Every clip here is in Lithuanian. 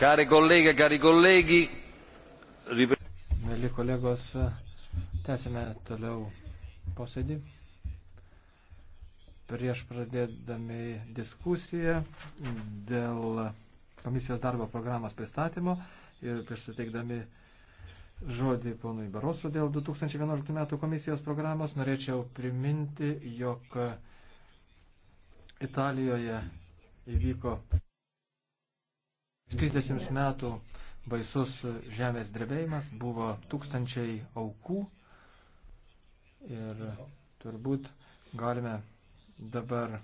Care kolegė, cari kolegi. Mėly kolegos, tęsime toliau posėdį. Prieš pradėdami diskusiją dėl komisijos darbo programos pristatymo ir prieš suteikdami žodį ponui Barosu dėl 2011 metų komisijos programos, norėčiau priminti, jog Italijoje įvyko 30 metų baisus žemės drebėjimas buvo tūkstančiai aukų ir turbūt galime dabar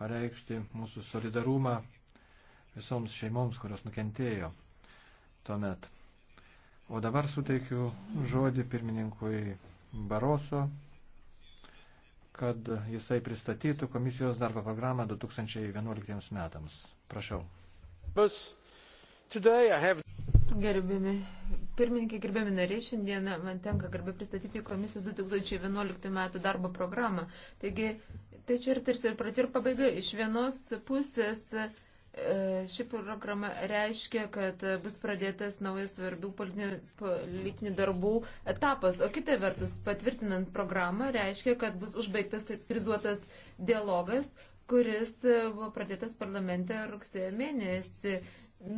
pareikšti mūsų solidarumą visoms šeimoms, kurios nukentėjo tuomet. O dabar suteikiu žodį pirmininkui Baroso, kad jisai pristatytų komisijos darbo programą 2011 metams. Prašau. Gerbiami pirmininkai, gerbiami nariai, šiandieną man tenka garbė pristatyti komisijos 2011 metų darbo programą. Taigi, tai čia ir tarsi ir pradžia ir pabaiga. Iš vienos pusės e, ši programa reiškia, kad bus pradėtas naujas svarbių politinių, politinių darbų etapas, o kita vertus, patvirtinant programą, reiškia, kad bus užbaigtas ir prizuotas dialogas, kuris e, buvo pradėtas parlamente rugsėjo mėnesį.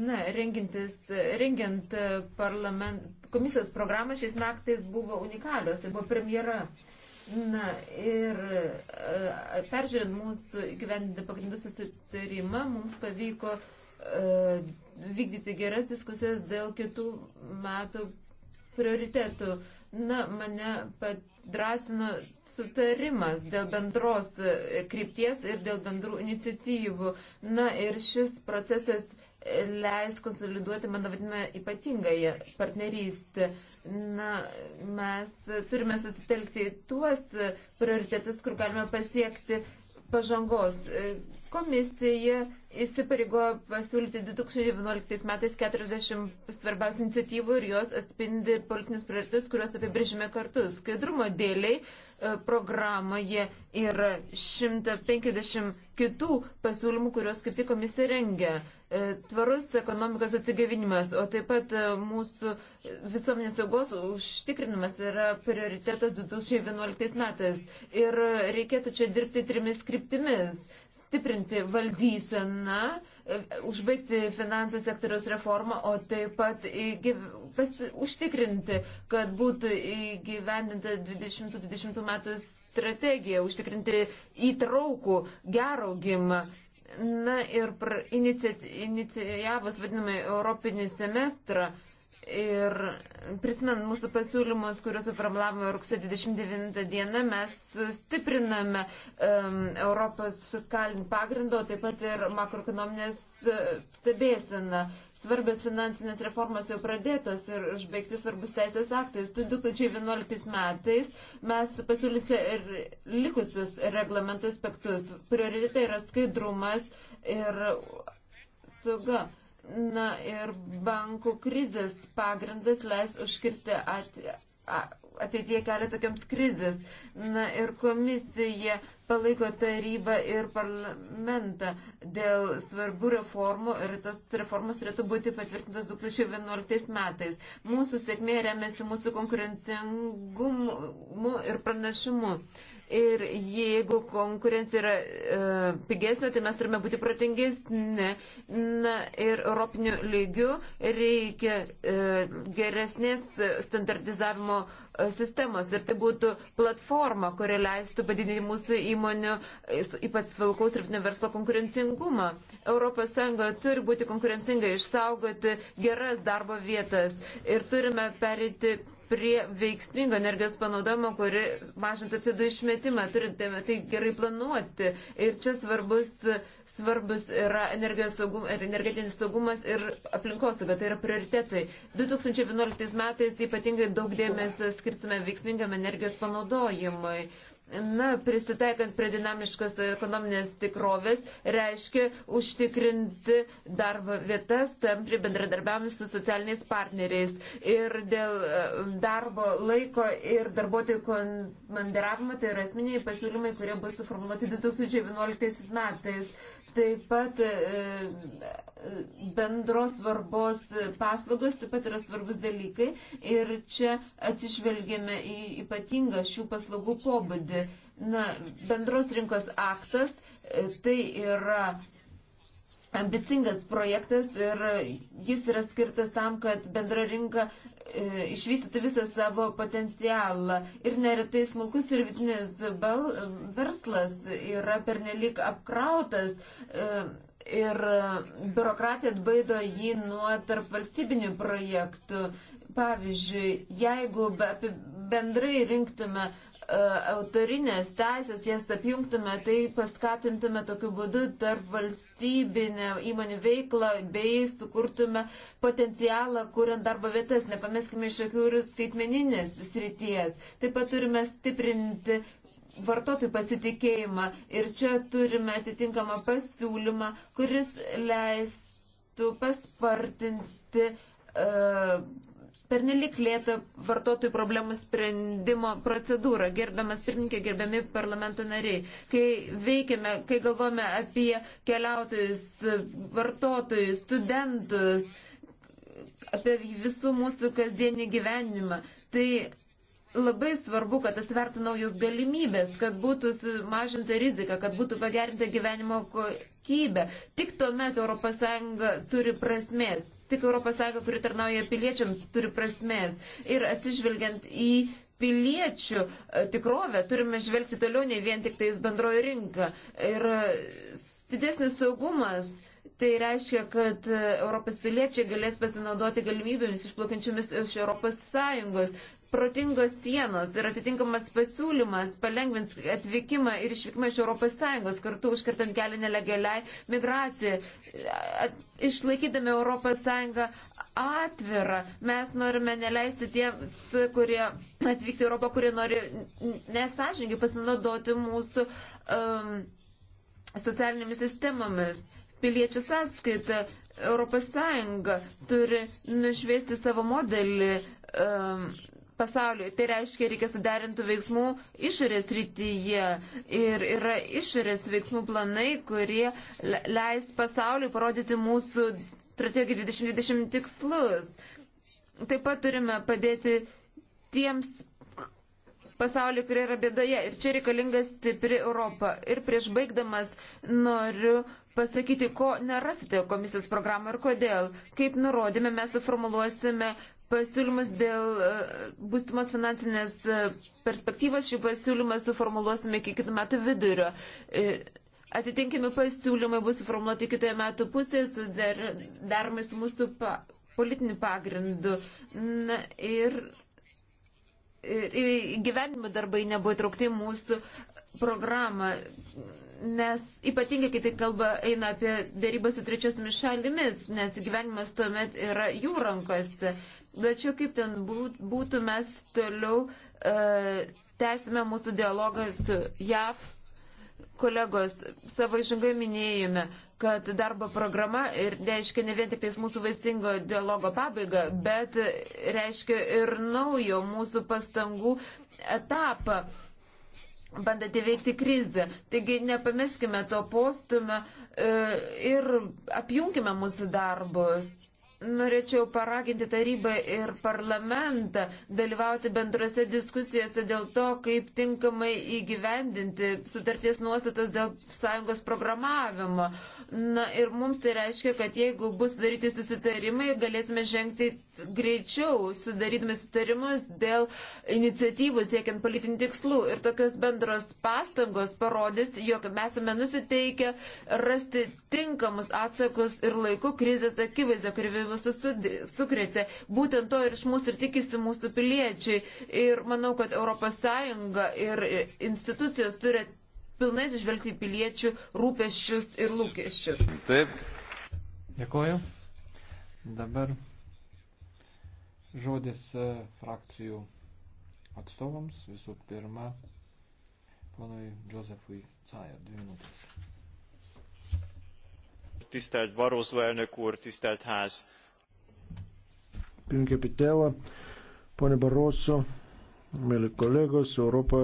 Na, rengintis, rengiant e, parlament, komisijos programą šiais metais buvo unikalios, tai buvo premjera. Na ir e, peržiūrint mūsų gyvendinti pagrindų susitarimą, mums pavyko uh, vykdyti geras diskusijas dėl kitų metų prioritetų. Uh, Na, mane padrasino sutarimas dėl bendros krypties ir dėl bendrų iniciatyvų. Na ir šis procesas leis konsoliduoti, mano vadiname, ypatingąją partnerystę. Na, mes turime susitelkti į tuos prioritetus, kur galime pasiekti pažangos. Komisija įsipareigojo pasiūlyti 2011 metais 40 svarbiausių iniciatyvų ir jos atspindi politinius prioritus, kuriuos apibrėžime kartu. Skaidrumo dėliai e, programoje yra 150 kitų pasiūlymų, kuriuos kaip tik komisija rengia. E, tvarus ekonomikos atsigavinimas, o taip pat e, mūsų visuomenės saugos užtikrinimas yra prioritetas 2011 metais. Ir reikėtų čia dirbti trimis kryptimis stiprinti valdyseną, e, užbaigti finansų sektoriaus reformą, o taip pat įgyv... pas... užtikrinti, kad būtų įgyvendinta 2020 metų strategija, užtikrinti įtraukų gerą augimą. Na ir pra... inicijavus vadinamą Europinį semestrą Ir prisimint mūsų pasiūlymus, kuriuos suformulavome rugsėjo 29 dieną, mes sustipriname um, Europos fiskalinį pagrindą, taip pat ir makroekonominės e, stebėseną. Svarbios finansinės reformos jau pradėtos ir užbaigti svarbus teisės aktais. 2011 metais mes pasiūlysime ir likusius reglamentų aspektus. Prioritetai yra skaidrumas ir sauga. Na ir bankų krizės pagrindas leis užkirsti ateityje kelią tokiams krizės. Na ir komisija palaiko tarybą ir parlamentą dėl svarbių reformų ir tos reformos turėtų būti patvirtintos 2011 metais. Mūsų sėkmė remiasi mūsų konkurencingumu ir pranašimu. Ir jeigu konkurencija yra e, pigesnė, tai mes turime būti protingesni. Na ir europiniu lygiu reikia e, geresnės standartizavimo e, E, sistemos ir tai būtų platforma, kuri leistų padidinti mūsų įmonių, e, ypač svilkaus ir verslo konkurencingumą. ES turi būti konkurencinga, išsaugoti geras darbo vietas ir turime perėti prie veiksmingo energijos panaudojimo, kuri mažintų CO2 išmetimą, turite tai gerai planuoti. Ir čia svarbus uh, svarbus yra saugum, energetinis saugumas ir aplinkosauga, tai yra prioritetai. 2011 metais ypatingai daug dėmesio skirsime veiksmingam energijos panaudojimui. Na, prisitaikant prie dinamiškos ekonominės tikrovės, reiškia užtikrinti darbo vietas, tam prie bendradarbiavimus su socialiniais partneriais. Ir dėl e, darbo laiko ir darbuotojų komandiravimo, tai yra esminiai pasiūlymai, kurie bus suformuoluoti 2011 metais. Taip pat e, bendros svarbos paslaugos taip pat yra svarbus dalykai ir čia atsižvelgėme į ypatingą šių paslaugų pobūdį. Na, bendros rinkos aktas e, tai yra ambicingas projektas ir jis yra skirtas tam, kad bendra rinka e, išvystytų visą savo potencialą. Ir neretai smulkus ir vidinis e, verslas yra pernelik apkrautas. E, Ir biurokratija atbaido jį nuo tarp valstybinių projektų. Pavyzdžiui, jeigu be, bendrai rinktume e, autorinės teisės, jas apjungtume, tai paskatintume tokiu būdu tarp valstybinę įmonių veiklą bei sukurtume potencialą, kuriant darbo vietas, nepameskime iš akių ir skaitmeninės srities. Taip pat turime stiprinti vartotojų pasitikėjimą ir čia turime atitinkamą pasiūlymą, kuris leistų paspartinti uh, pernelik lėtą vartotojų problemų sprendimo procedūrą. Gerbiamas pirmininkė, gerbiami parlamento nariai, kai veikiame, kai galvome apie keliautojus, vartotojus, studentus, apie visų mūsų kasdienį gyvenimą, tai labai svarbu, kad atsvertų naujos galimybės, kad būtų mažinta rizika, kad būtų pagerinta gyvenimo kokybė. Tik tuomet ES turi prasmės tik ES, kuri tarnauja piliečiams, turi prasmės. Ir atsižvelgiant į piliečių e, tikrovę, turime žvelgti toliau nei vien tik tais bendroji rinka. Ir e, didesnis saugumas. Tai reiškia, kad e, Europos piliečiai galės pasinaudoti galimybėmis išplaukiančiomis iš Europos Sąjungos protingos sienos ir atitinkamas pasiūlymas palengvins atvykimą ir išvykimą iš ES, kartu užkirtant kelią nelegaliai migracijai. Išlaikydami ES atvirą, mes norime neleisti tiems, kurie atvykti į Europą, kurie nori nesažininkai pasinaudoti mūsų um, socialinėmis sistemomis. Piliečių sąskaita ES turi nušviesti savo modelį um, pasauliui. Tai reiškia, reikia suderintų veiksmų išorės rytyje. Ir yra išorės veiksmų planai, kurie leis pasauliui parodyti mūsų strategiją 2020 tikslus. Taip pat turime padėti tiems pasauliu, kurie yra bėdoje. Ir čia reikalinga stipri Europa. Ir prieš baigdamas noriu pasakyti, ko nerasite komisijos programą ir kodėl. Kaip nurodėme, mes suformuluosime pasiūlymus dėl e, būstimos finansinės e, perspektyvos. Šį pasiūlymą suformuluosime iki kitų metų vidurio. E, atitinkami pasiūlymai bus suformuoluoti kitoje metų pusėje, sudaromai su mūsų pa, politiniu pagrindu. Na, ir, ir gyvenimo darbai nebuvo traukti mūsų programą, nes ypatingai, kai tai kalba eina apie dėrybą su trečiosiomis šalimis, nes gyvenimas tuomet yra jų rankose. Tačiau kaip ten būtų, mes toliau e, tęsime mūsų dialogą su JAV. Kolegos, savo išingai minėjome, kad darbo programa ir reiškia ne vien tik tais mūsų vaisingo dialogo pabaigą, bet reiškia ir naujo mūsų pastangų etapą bandant įveikti krizę. Taigi nepameskime to postumio e, ir apjunkime mūsų darbus norėčiau paraginti tarybą ir parlamentą dalyvauti bendrose diskusijose dėl to, kaip tinkamai įgyvendinti sutarties nuostatas dėl sąjungos programavimo. Na ir mums tai reiškia, kad jeigu bus daryti susitarimai, galėsime žengti greičiau, sudarydami susitarimus dėl iniciatyvų siekiant politinių tikslų. Ir tokios bendros pastangos parodys, jog mes esame nusiteikę rasti tinkamus atsakus ir laiku krizės akivaizdo, kuri Afganistanas sukrėtė. Būtent to ir iš mūsų ir tikisi mūsų piliečiai. Ir manau, kad ES ir institucijos turi pilnai išvelgti piliečių rūpeščius ir lūkesčius. Taip. Dėkoju. Dabar žodis e, frakcijų atstovams. Visų pirma, ponui Josefui Cajer, dvi minutės. Tisztelt Barozó elnök úr, tisztelt ház! Pinkė Pitela, ponė Baroso, mėly kolegos, Europa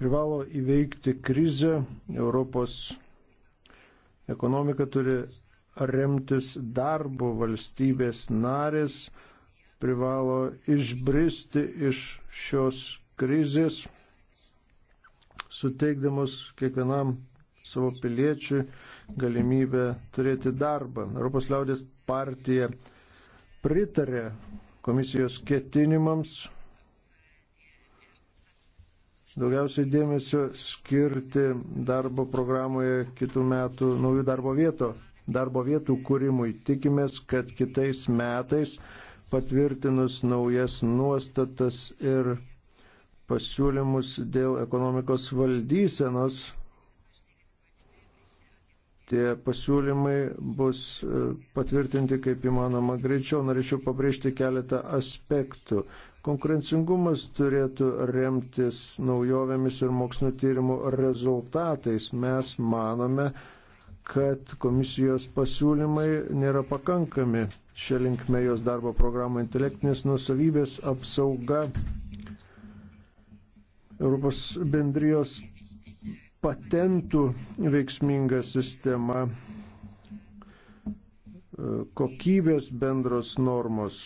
privalo įveikti krizę, Europos ekonomika turi remtis darbo valstybės narės, privalo išbristi iš šios krizės, suteikdamos kiekvienam savo piliečiui galimybę turėti darbą. Europos liaudės partija pritarė komisijos ketinimams daugiausiai dėmesio skirti darbo programoje kitų metų naujų darbo vietų, darbo vietų kūrimui. Tikimės, kad kitais metais patvirtinus naujas nuostatas ir pasiūlymus dėl ekonomikos valdysenos tie pasiūlymai bus e, patvirtinti kaip įmanoma greičiau. Norėčiau pabrėžti keletą aspektų. Konkurencingumas turėtų remtis naujovėmis ir mokslinio tyrimų rezultatais. Mes manome, kad komisijos pasiūlymai nėra pakankami. Šia linkme jos darbo programų intelektinės nusavybės apsauga Europos bendrijos patentų veiksminga sistema, e, kokybės bendros normos.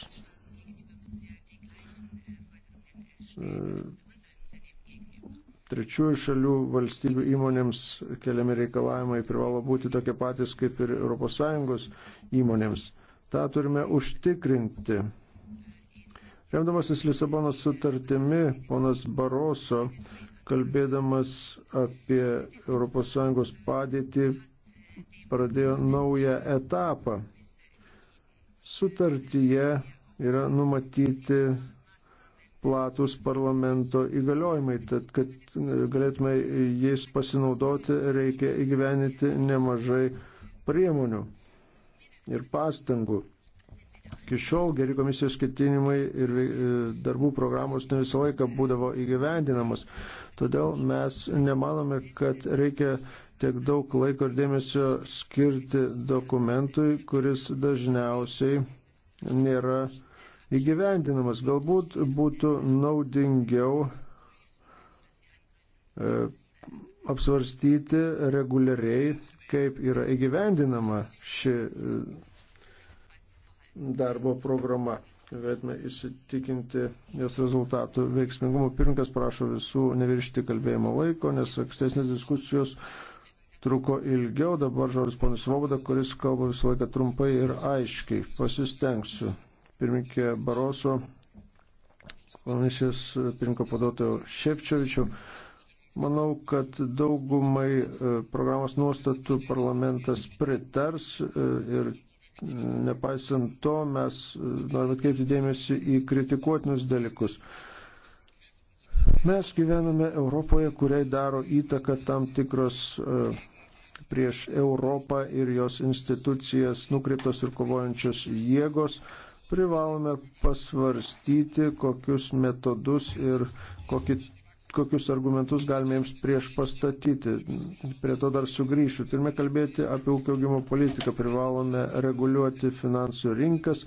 E, trečiųjų šalių valstybių įmonėms keliami reikalavimai privalo būti tokie patys kaip ir ES įmonėms. Ta turime užtikrinti. Remdamasis Lisabonos sutartimi, ponas Baroso kalbėdamas apie ES padėtį, pradėjo naują etapą. Sutartyje yra numatyti platus parlamento įgaliojimai, tad kad galėtume jais pasinaudoti, reikia įgyveninti nemažai priemonių ir pastangų. Iki šiol geri komisijos ketinimai ir e, darbų programos ne visą laiką būdavo įgyvendinamos. Todėl mes nemanome, kad reikia tiek daug laiko ir dėmesio skirti dokumentui, kuris dažniausiai nėra įgyvendinamas. Galbūt būtų naudingiau e, apsvarstyti reguliariai, kaip yra įgyvendinama ši e, darbo programa. Galėtume įsitikinti jos rezultatų veiksmingumo. Pirinkas prašo visų neviršti kalbėjimo laiko, nes ankstesnės diskusijos truko ilgiau. Dabar žodis ponas Voboda, kuris kalba visą laiką trumpai ir aiškiai. Pasistengsiu. Pirminkė Baroso, komisijos pirinko padotojo Šepčiovičių. Manau, kad daugumai e, programos nuostatų parlamentas pritars e, ir Nepaisant to, mes e, norime atkreipti dėmesį į kritikuotinius dalykus. Mes gyvename Europoje, kuriai daro įtaką tam tikros e, prieš Europą ir jos institucijas nukreiptos ir kovojančios jėgos. Privalome pasvarstyti, kokius metodus ir kokį kokius argumentus galime jiems prieš pastatyti. Prie to dar sugrįšiu. Turime kalbėti apie ūkio augimo politiką. Privalome reguliuoti finansų rinkas,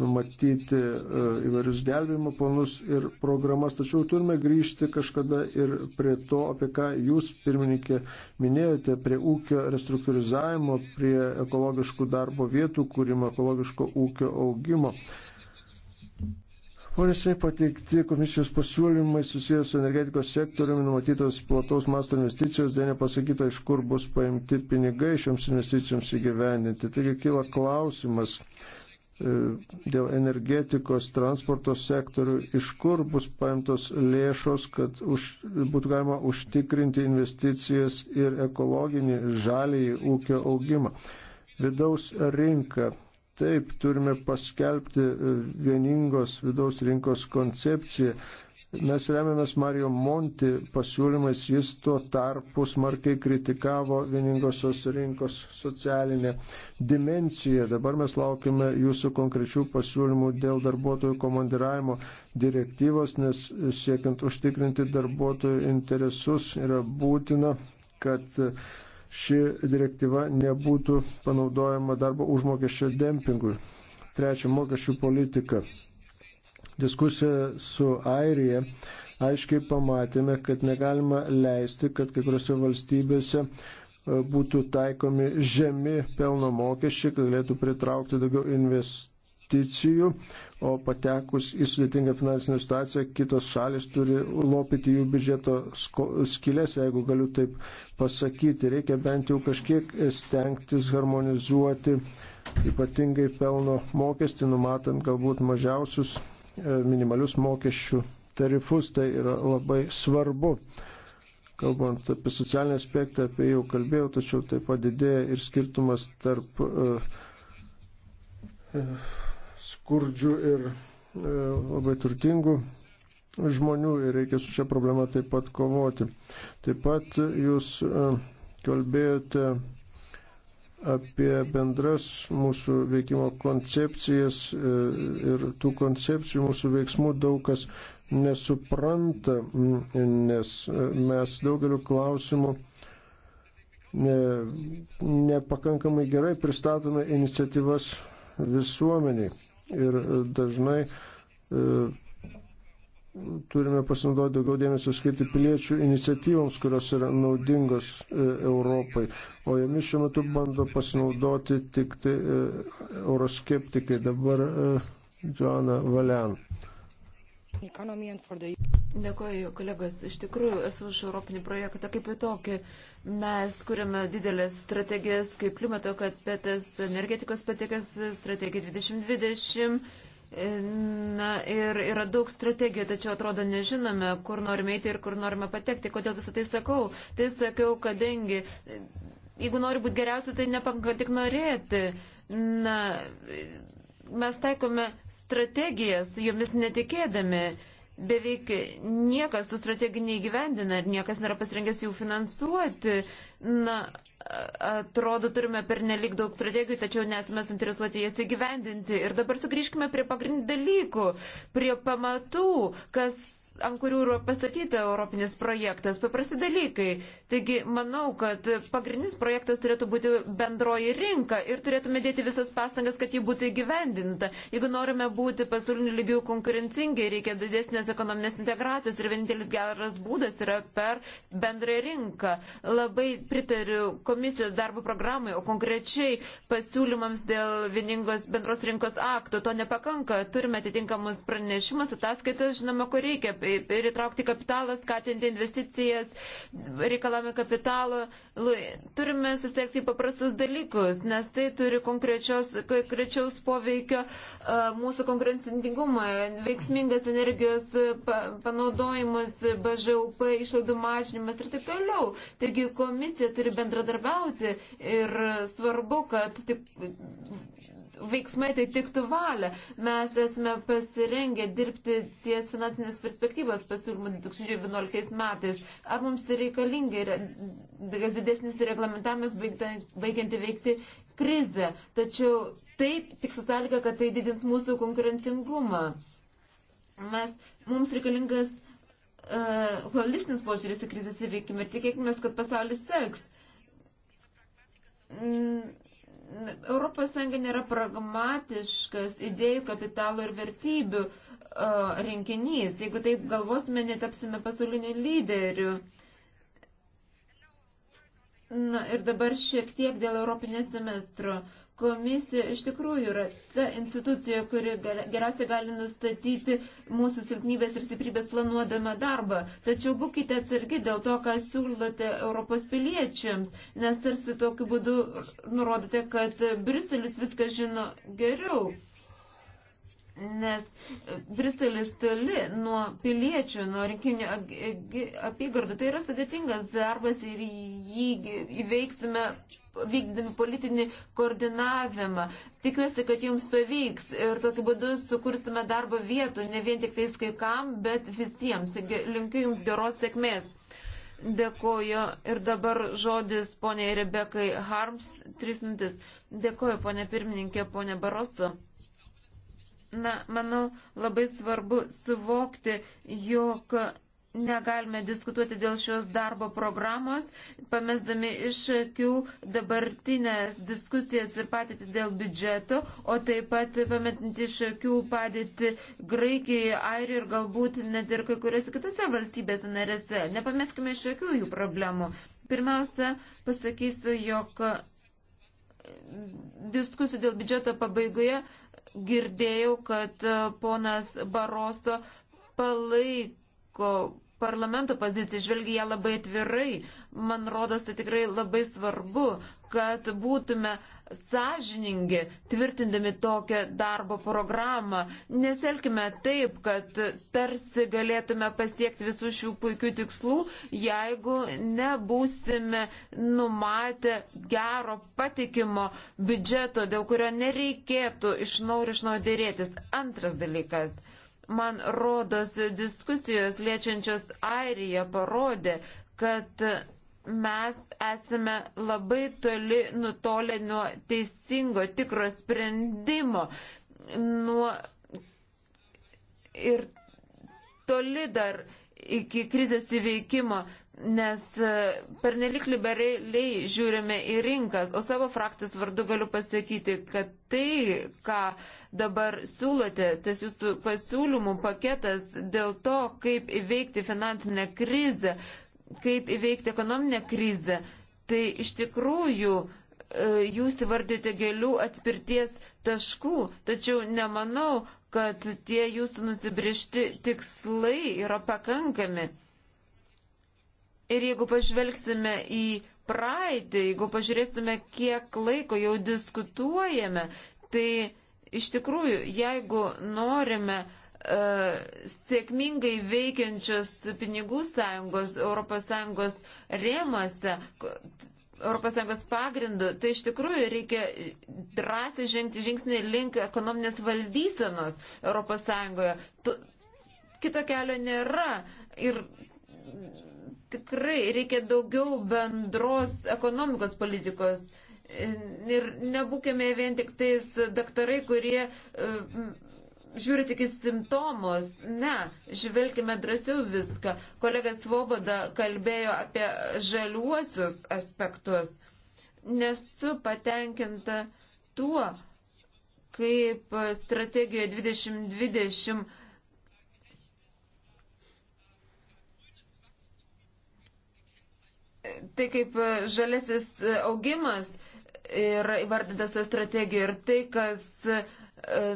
numatyti e, įvairius gelbėjimo planus ir programas. Tačiau turime grįžti kažkada ir prie to, apie ką jūs, pirmininkė, minėjote, prie ūkio restruktūrizavimo, prie ekologiškų darbo vietų kūrimo, ekologiško ūkio augimo. O nesiniai pateikti komisijos pasiūlymai susijęs su energetikos sektoriumi numatytos plataus masto investicijos, dėl nepasakyta, iš kur bus paimti pinigai šioms investicijoms įgyveninti. Taigi kyla klausimas e, dėl energetikos, transporto sektorių, iš kur bus paimtos lėšos, kad už, būtų galima užtikrinti investicijas ir ekologinį žalį ūkio augimą. Vidaus rinka Taip, turime paskelbti e, vieningos vidaus rinkos koncepciją. Mes remiamės Mario Monti pasiūlymais, jis tuo tarpu smarkiai kritikavo vieningosios rinkos socialinę dimenciją. Dabar mes laukime jūsų konkrečių pasiūlymų dėl darbuotojų komandiravimo direktyvos, nes siekiant užtikrinti darbuotojų interesus yra būtina, kad uh, ši direktyva nebūtų panaudojama darbo užmokesčio dempingui. Trečia, mokesčių politika. Diskusija su Airija aiškiai pamatėme, kad negalima leisti, kad kai kuriuose valstybėse e, būtų taikomi žemi pelno mokesčiai, kad galėtų pritraukti daugiau investicijų, o patekus į sudėtingą finansinę situaciją, kitos šalis turi lopyti jų biudžeto skilės, jeigu galiu taip pasakyti. Reikia bent jau kažkiek stengtis harmonizuoti ypatingai pelno mokestį, numatant galbūt mažiausius e, minimalius mokesčių tarifus. Tai yra labai svarbu. Kalbant apie socialinį aspektą, apie jį jau kalbėjau, tačiau taip pat didėja ir skirtumas tarp uh, uh, skurdžių ir e, labai turtingų žmonių ir reikia su šia problema taip pat kovoti. Taip pat jūs e, kalbėjote apie bendras mūsų veikimo koncepcijas e, ir tų koncepcijų mūsų veiksmų daug kas nesupranta, nes mes daugeliu klausimų ne, nepakankamai gerai pristatome iniciatyvas visuomeniai ir e, dažnai e, turime pasinaudoti daugiau dėmesio skirti piliečių iniciatyvoms, kurios yra naudingos e, Europai, o jomis šiuo metu bando pasinaudoti tik tai euroskeptikai, dabar Joana Valen. Dėkoju, kolegos. Iš tikrųjų, esu už Europinį projektą kaip ir tokį. Mes kuriame didelės strategijas, kaip klimato, kad pėtas energetikos patikas, strategija 2020. Na ir yra daug strategijų, tačiau atrodo nežinome, kur norime eiti ir kur norime patekti. Kodėl visą tai sakau? Tai sakiau, kadangi jeigu nori būti geriausiu, tai nepakanka tik norėti. Na, mes taikome strategijas, jomis netikėdami beveik niekas tų strategijų neįgyvendina ir niekas nėra pasirengęs jų finansuoti. Na, atrodo, turime per nelik daug strategijų, tačiau nesame suinteresuoti jas įgyvendinti. Ir dabar sugrįžkime prie pagrindinių dalykų, prie pamatų, kas ant kurių pastatyta europinis projektas, paprasti dalykai. Taigi, manau, kad pagrindinis projektas turėtų būti bendroji rinka ir turėtume dėti visas pastangas, kad ji būtų įgyvendinta. Jeigu norime būti pasaulinių lygių konkurencingi, reikia didesnės ekonominės integracijos ir vienintelis geras būdas yra per bendrąją rinką. Labai pritariu komisijos darbo programai, o konkrečiai pasiūlymams dėl vieningos bendros rinkos akto. To nepakanka. Turime atitinkamus pranešimus, ataskaitas, žinoma, ko reikia pritraukti kapitalą, skatinti investicijas, reikalavimai kapitalo. Turime susitelkti paprastus dalykus, nes tai turi konkrečiaus poveikio mūsų konkurencingumą, veiksmingas energijos panaudojimas, BŽUP išlaidų mažinimas ir taip toliau. Taigi komisija turi bendradarbiauti ir svarbu, kad tik veiksmai tai tiktų valią. Mes esame pasirengę dirbti ties finansinės perspektyvos pasiūlymų 2011 metais. Ar mums reikalingi didesnis reglamentavimas baigianti veikti krizę? Tačiau taip tik su sąlyga, kad tai didins mūsų konkurencingumą. Mes, mums reikalingas uh, holistinis požiūris į krizės įveikimą ir tikėkime, kad pasaulis seks. Mm ES nėra pragmatiškas idėjų, kapitalo ir vertybių uh, rinkinys. Jeigu taip galvosime, netapsime pasauliniu lyderiu. Uh, Na ir dabar šiek tiek dėl Europinės semestro. Komisija iš tikrųjų yra ta institucija, kuri geriausiai gali nustatyti mūsų silpnybės ir stiprybės planuodama darbą. Tačiau būkite atsargi dėl to, ką siūlote Europos piliečiams, nes tarsi tokiu būdu nurodote, kad Briuselis viską žino geriau nes e, Briselis toli nuo piliečių, nuo rinkiminių apygardų. Tai yra sudėtingas darbas ir jį įveiksime vykdami politinį koordinavimą. Tikiuosi, kad jums pavyks ir tokiu būdu sukursime darbo vietų, ne vien tik tais kai kam, bet visiems. Linkiu jums geros sėkmės. Dėkoju. Ir dabar žodis poniai Rebekai Harms, tris mintis. Dėkoju, ponė pirmininkė, ponė Baroso. Na, manau, labai svarbu suvokti, jog negalime diskutuoti dėl šios darbo programos, pamesdami iš akių dabartinės diskusijas ir patirtį dėl biudžeto, o taip pat pametinti iš akių padėti Graikijoje, Airijoje ir galbūt net ir kai kuriuose kitose valstybėse narėse. Nepameskime iš akių jų problemų. Pirmiausia, pasakysiu, jog diskusijų dėl biudžeto pabaigoje girdėjau, kad e, ponas Baroso palaiko parlamento poziciją, žvelgia ją labai atvirai. Man rodos, tai tikrai labai svarbu, kad būtume sąžiningi, tvirtindami tokią darbo programą. Neselkime taip, kad tarsi galėtume pasiekti visų šių puikių tikslų, jeigu nebūsime numatę gero patikimo biudžeto, dėl kurio nereikėtų iš naujo ir iš naujo dėrėtis. Antras dalykas. Man rodos, diskusijos liečiančios Airiją parodė, kad mes esame labai toli nutolę nuo teisingo, tikro sprendimo. Nuo ir toli dar iki krizės įveikimo, nes e, pernelik liberaliai žiūrime į rinkas, o savo frakcijos vardu galiu pasakyti, kad tai, ką dabar siūlote, tas jūsų pasiūlymų paketas dėl to, kaip įveikti finansinę krizę, kaip įveikti ekonominę krizę, tai iš tikrųjų e, jūs įvardėte gėlių atspirties taškų, tačiau nemanau, kad tie jūsų nusibriežti tikslai yra pakankami. Ir jeigu pažvelgsime į praeitį, jeigu pažiūrėsime, kiek laiko jau diskutuojame, tai iš tikrųjų, jeigu norime E, sėkmingai veikiančios pinigų sąjungos ES rėmose, ES pagrindu, tai iš tikrųjų reikia drąsiai žengti žingsnį link ekonominės valdysenos ES. Tu, kito kelio nėra. Ir tikrai reikia daugiau bendros ekonomikos politikos. Ir nebūkime vien tik tais daktarai, kurie e, žiūri tik į simptomus. Ne, žvelgime drąsiau viską. Kolega Svoboda kalbėjo apie žaliuosius aspektus. Nesu patenkinta tuo, kaip strategijoje 2020 tai kaip žalesis augimas yra įvardintas strategijoje ir tai, kas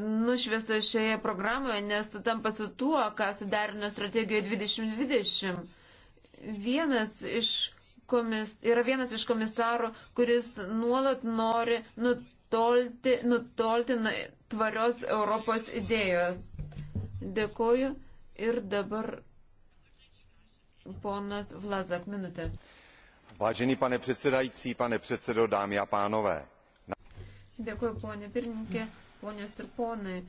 nušviesta šioje programoje, nes sutampa su tuo, ką suderino strategijoje 2020. Vienas iš komis, yra vienas iš komisarų, kuris nuolat nori nutolti, nutolti nuo tvarios Europos idėjos. Dėkoju ir dabar ponas Vlazak minutė. Vážený pane předsedající, pane předsedo, dámy a pánové. Dėkuoju, ponė pirmininkė. Mm ponios ir ponai.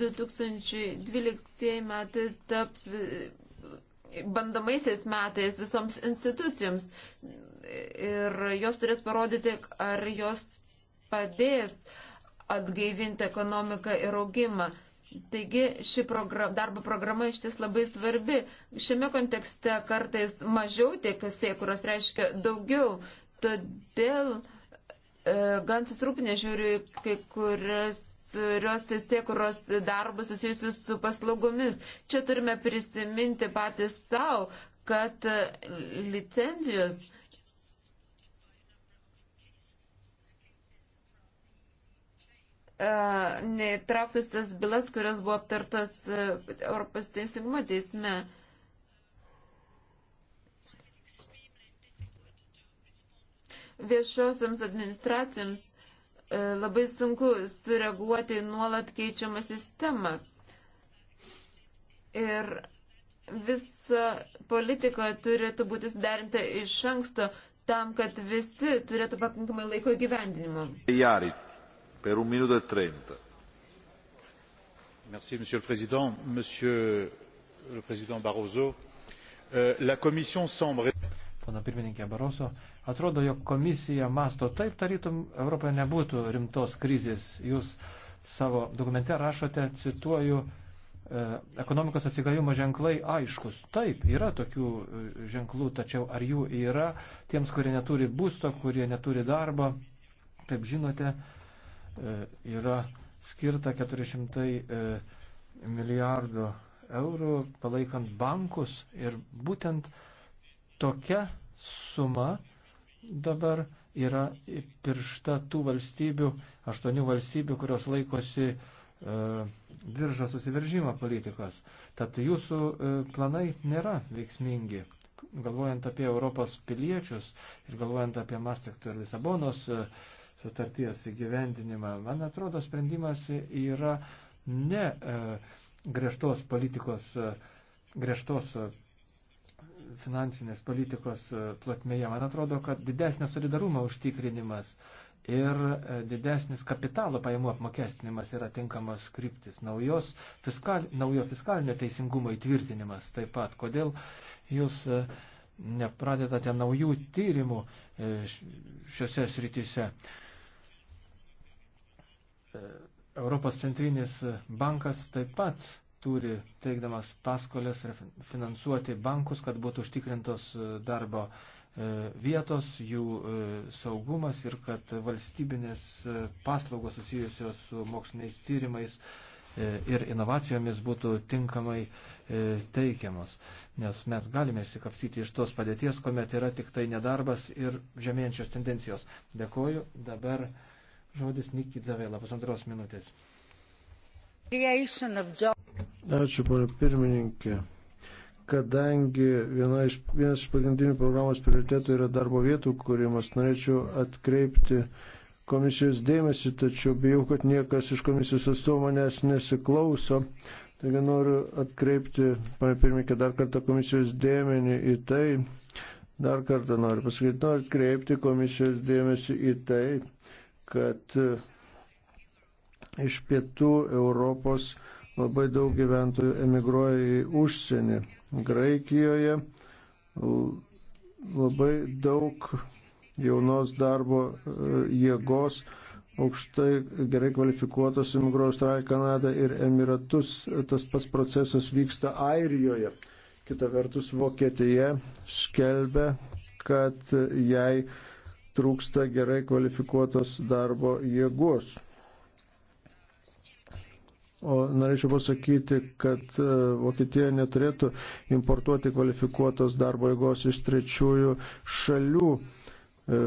2012 metai taps bandomaisiais metais visoms institucijoms ir jos turės parodyti, ar jos padės atgaivinti ekonomiką ir augimą. Taigi ši program, darbo programa iš ties labai svarbi. Šiame kontekste kartais mažiau tiek sėkuros reiškia daugiau. Todėl uh, E, gan susirūpinę žiūriu kai kurias kurios teisėkuros darbus susijusius su paslaugomis. Čia turime prisiminti patys savo, kad licenzijos e, neįtrauktus tas bylas, kurios buvo aptartos e, Europos teisingumo teisme. Uh, viešosiams administracijoms e, labai sunku sureaguoti į nuolat keičiamą sistemą. Ir visa politika turėtų būti sudarinta iš anksto tam, kad visi turėtų pakankamai laiko gyvendinimo. Jari, per 1 minutę 30. Merci, Monsieur le Président. Monsieur le Président Barroso, euh, la Commission semble. Pana pirmininkė Barroso, Atrodo, jog komisija masto taip, tarytum, Europoje nebūtų rimtos krizės. Jūs savo dokumente rašote, cituoju, e, ekonomikos atsigavimo ženklai aiškus. Taip, yra tokių e, ženklų, tačiau ar jų yra tiems, kurie neturi būsto, kurie neturi darbo, kaip žinote, e, yra skirta 400 milijardų eurų palaikant bankus ir būtent tokia suma dabar yra piršta tų valstybių, aštuonių valstybių, kurios laikosi e, diržo susiveržimo politikos. Tad jūsų e, planai nėra veiksmingi. Galvojant apie Europos piliečius ir galvojant apie Maastrichto ir Lisabonos e, sutarties įgyvendinimą, man atrodo, sprendimas yra ne griežtos politikos, griežtos finansinės politikos e, plotmėje. Man atrodo, kad didesnio solidarumo užtikrinimas ir e, didesnis kapitalo pajamų apmokestinimas yra tinkamas kryptis. Naujos, fiskal, naujo fiskalinio teisingumo įtvirtinimas taip pat. Kodėl jūs e, nepradedate naujų tyrimų šiuose srityse? Europos centrinis bankas taip pat turi, teikdamas paskolės, finansuoti bankus, kad būtų užtikrintos e, darbo e, vietos, jų e, saugumas ir kad valstybinės paslaugos susijusios su moksliniais tyrimais ir inovacijomis būtų tinkamai teikiamas. Nes mes galime išsikapsyti iš tos padėties, kuomet yra tik tai nedarbas ir žemėjančios tendencijos. Dėkoju. Dabar žodis Nikit Zavela, pusantros minutės. Creation of jobs. Ačiū, ponė pirmininkė. Kadangi viena iš, vienas iš pagrindinių programos prioritetų yra darbo vietų kūrimas, norėčiau atkreipti komisijos dėmesį, tačiau bijau, kad niekas iš komisijos atstovų manęs nesiklauso. Taigi noriu atkreipti, pane pirmininkė, dar kartą komisijos dėmenį į tai. Dar kartą noriu pasakyti, noriu atkreipti komisijos dėmesį į tai, kad iš pietų Europos labai daug gyventojų emigruoja į užsienį. Graikijoje labai daug jaunos darbo e, jėgos aukštai gerai kvalifikuotos emigruoja Australiją, Kanadą ir Emiratus. Tas pats procesas vyksta Airijoje. Kita vertus, Vokietija skelbia, kad jai trūksta gerai kvalifikuotos darbo jėgos. O norėčiau pasakyti, kad e, Vokietija neturėtų importuoti kvalifikuotos darbo jėgos iš trečiųjų šalių. E,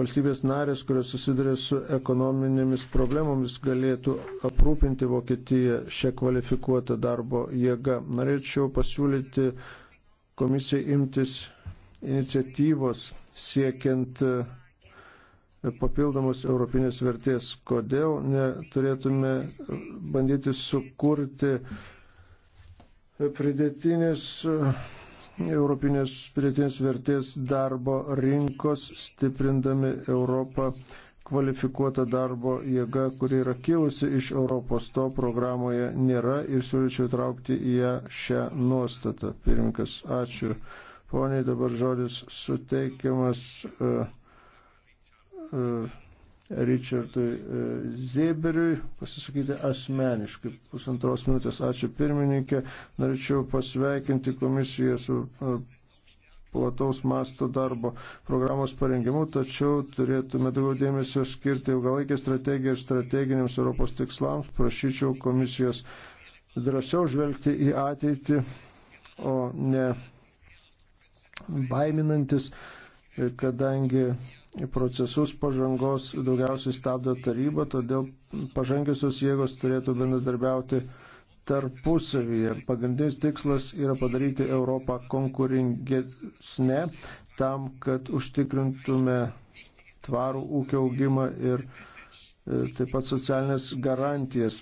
valstybės narės, kurios susiduria su ekonominėmis problemomis, galėtų aprūpinti Vokietiją šią kvalifikuotą darbo jėgą. Norėčiau pasiūlyti komisijai imtis iniciatyvos siekiant uh, papildomos europinės vertės. Kodėl neturėtume bandyti sukurti pridėtinės europinės pridėtinės vertės darbo rinkos, stiprindami Europą kvalifikuota darbo jėga, kuri yra kilusi iš Europos, to programoje nėra ir siūlyčiau traukti į ją šią nuostatą. Pirmininkas, ačiū. Poniai dabar žodis suteikiamas. Uh, E, Richardui e, Zeberiui pasisakyti asmeniškai. Pusantros minutės ačiū pirmininkė. Norėčiau pasveikinti komisiją su e, plataus masto darbo programos parengimu, tačiau turėtume daugiau dėmesio skirti ilgalaikį strategiją ir strateginiams Europos tikslams. Prašyčiau komisijos drąsiau žvelgti į ateitį, o ne baiminantis, kadangi procesus pažangos daugiausiai stabdo taryba, todėl pažangiusios jėgos turėtų bendradarbiauti tarpusavyje. Pagrindinis tikslas yra padaryti Europą konkuringesnę tam, kad užtikrintume tvarų ūkio augimą ir e, taip pat socialinės garantijas.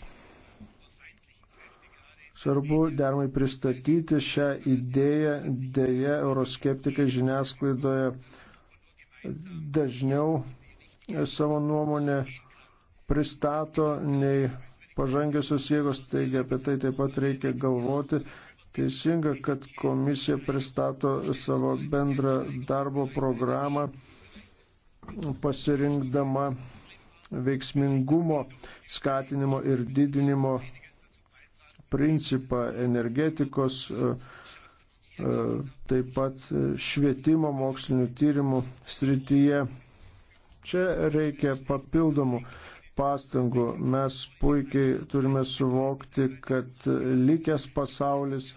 Svarbu dermai pristatyti šią idėją, dėja euroskeptikai žiniasklaidoje dažniau savo nuomonę pristato nei pažangiosios jėgos, taigi apie tai taip pat reikia galvoti. Teisinga, kad komisija pristato savo bendrą darbo programą pasirinkdama veiksmingumo skatinimo ir didinimo principą energetikos uh, E, taip pat švietimo mokslinių tyrimų srityje. Čia reikia papildomų pastangų. Mes puikiai turime suvokti, kad likęs pasaulis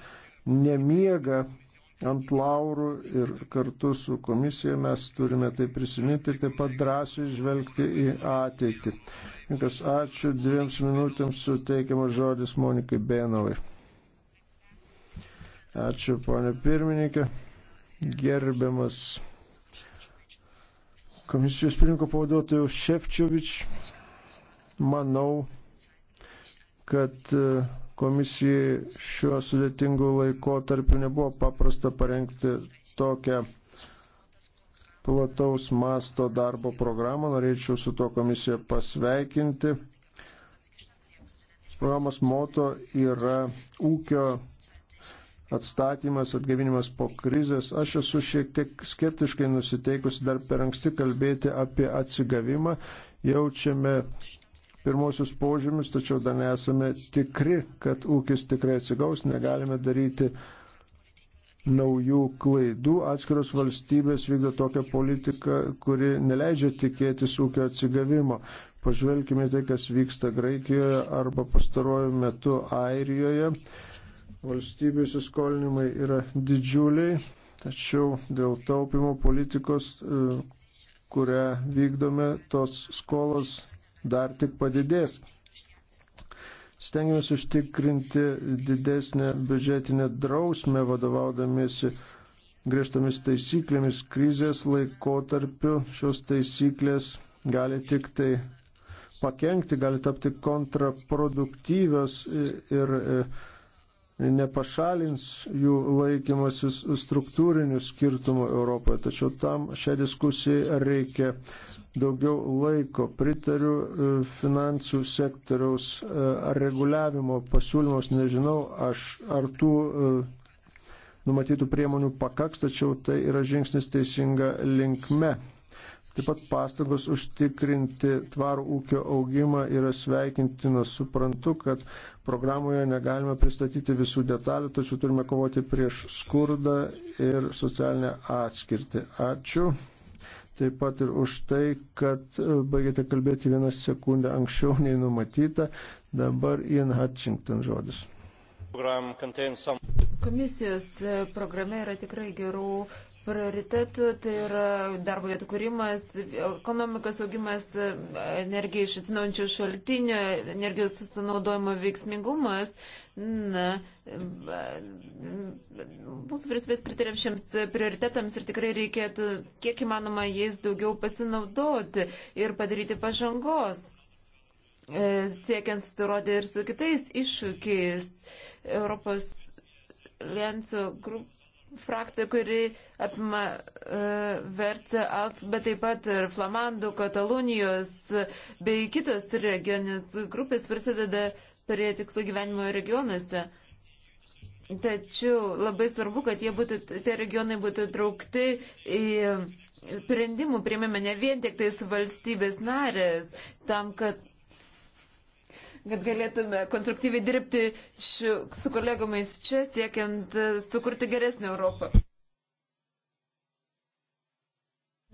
nemiega ant laurų ir kartu su komisija mes turime tai prisiminti ir taip pat drąsiai žvelgti į ateitį. Kas ačiū, dviems minutėms suteikiamas žodis Monikai Benovai. Ačiū, ponė pirmininkė. Gerbiamas komisijos pirmininko pavaduotojų Šefčiovič. Manau, kad e, komisijai šiuo sudėtingu laikotarpiu nebuvo paprasta parengti tokią plataus masto darbo programą. Norėčiau su to komisiją pasveikinti. Programos moto yra ūkio atstatymas, atgavinimas po krizės. Aš esu šiek tiek skeptiškai nusiteikusi dar per anksti kalbėti apie atsigavimą. Jaučiame pirmosius požymius, tačiau dar nesame tikri, kad ūkis tikrai atsigaus, negalime daryti naujų klaidų. Atskiros valstybės vykdo tokią politiką, kuri neleidžia tikėtis ūkio atsigavimo. Pažvelkime tai, kas vyksta Graikijoje arba pastaruoju metu Airijoje valstybių įsiskolinimai yra didžiuliai, tačiau dėl taupimo politikos, e, kurią vykdome, tos skolos dar tik padidės. Stengiamės užtikrinti didesnę biudžetinę drausmę vadovaudamėsi griežtomis taisyklėmis krizės laikotarpiu. Šios taisyklės gali tik tai pakengti, gali tapti kontraproduktyvios ir, ir e, nepašalins jų laikymasis struktūrinių skirtumų Europoje. Tačiau tam šią diskusiją reikia daugiau laiko. Pritariu e, finansų sektoriaus e, reguliavimo pasiūlymus. Nežinau, aš, ar tų e, numatytų priemonių pakaks, tačiau tai yra žingsnis teisinga linkme. Taip pat pastangos užtikrinti tvarų ūkio augimą yra sveikintinos. Suprantu, kad programoje negalime pristatyti visų detalių, tačiau turime kovoti prieš skurdą ir socialinę atskirtį. Ačiū. Taip pat ir už tai, kad e, baigėte kalbėti vieną sekundę anksčiau nei numatyta. Dabar Ian Hutchington žodis. Komisijos e, programe yra tikrai gerų prioritetų, tai yra darbo vietų kūrimas, ekonomikos augimas, energija iš atsinaujančių šaltinių, energijos sunaudojimo veiksmingumas. Na, mūsų vyriausybės pritarė šiems prioritetams ir tikrai reikėtų kiek įmanoma jais daugiau pasinaudoti ir padaryti pažangos, e, siekiant sudaroti ir su kitais iššūkiais. Europos Lienco grupė frakcija, kuri apima uh, e, Verce Alts, bet taip pat ir Flamandų, Katalonijos bei kitos regioninės grupės prisideda prie tikslo gyvenimo regionuose. Tačiau labai svarbu, kad būtų, tie regionai būtų traukti į sprendimų priėmėme ne vien tik tais valstybės narės, tam, kad kad galėtume konstruktyviai dirbti šiu, su kolegomis čia, siekiant e, sukurti geresnę Europą.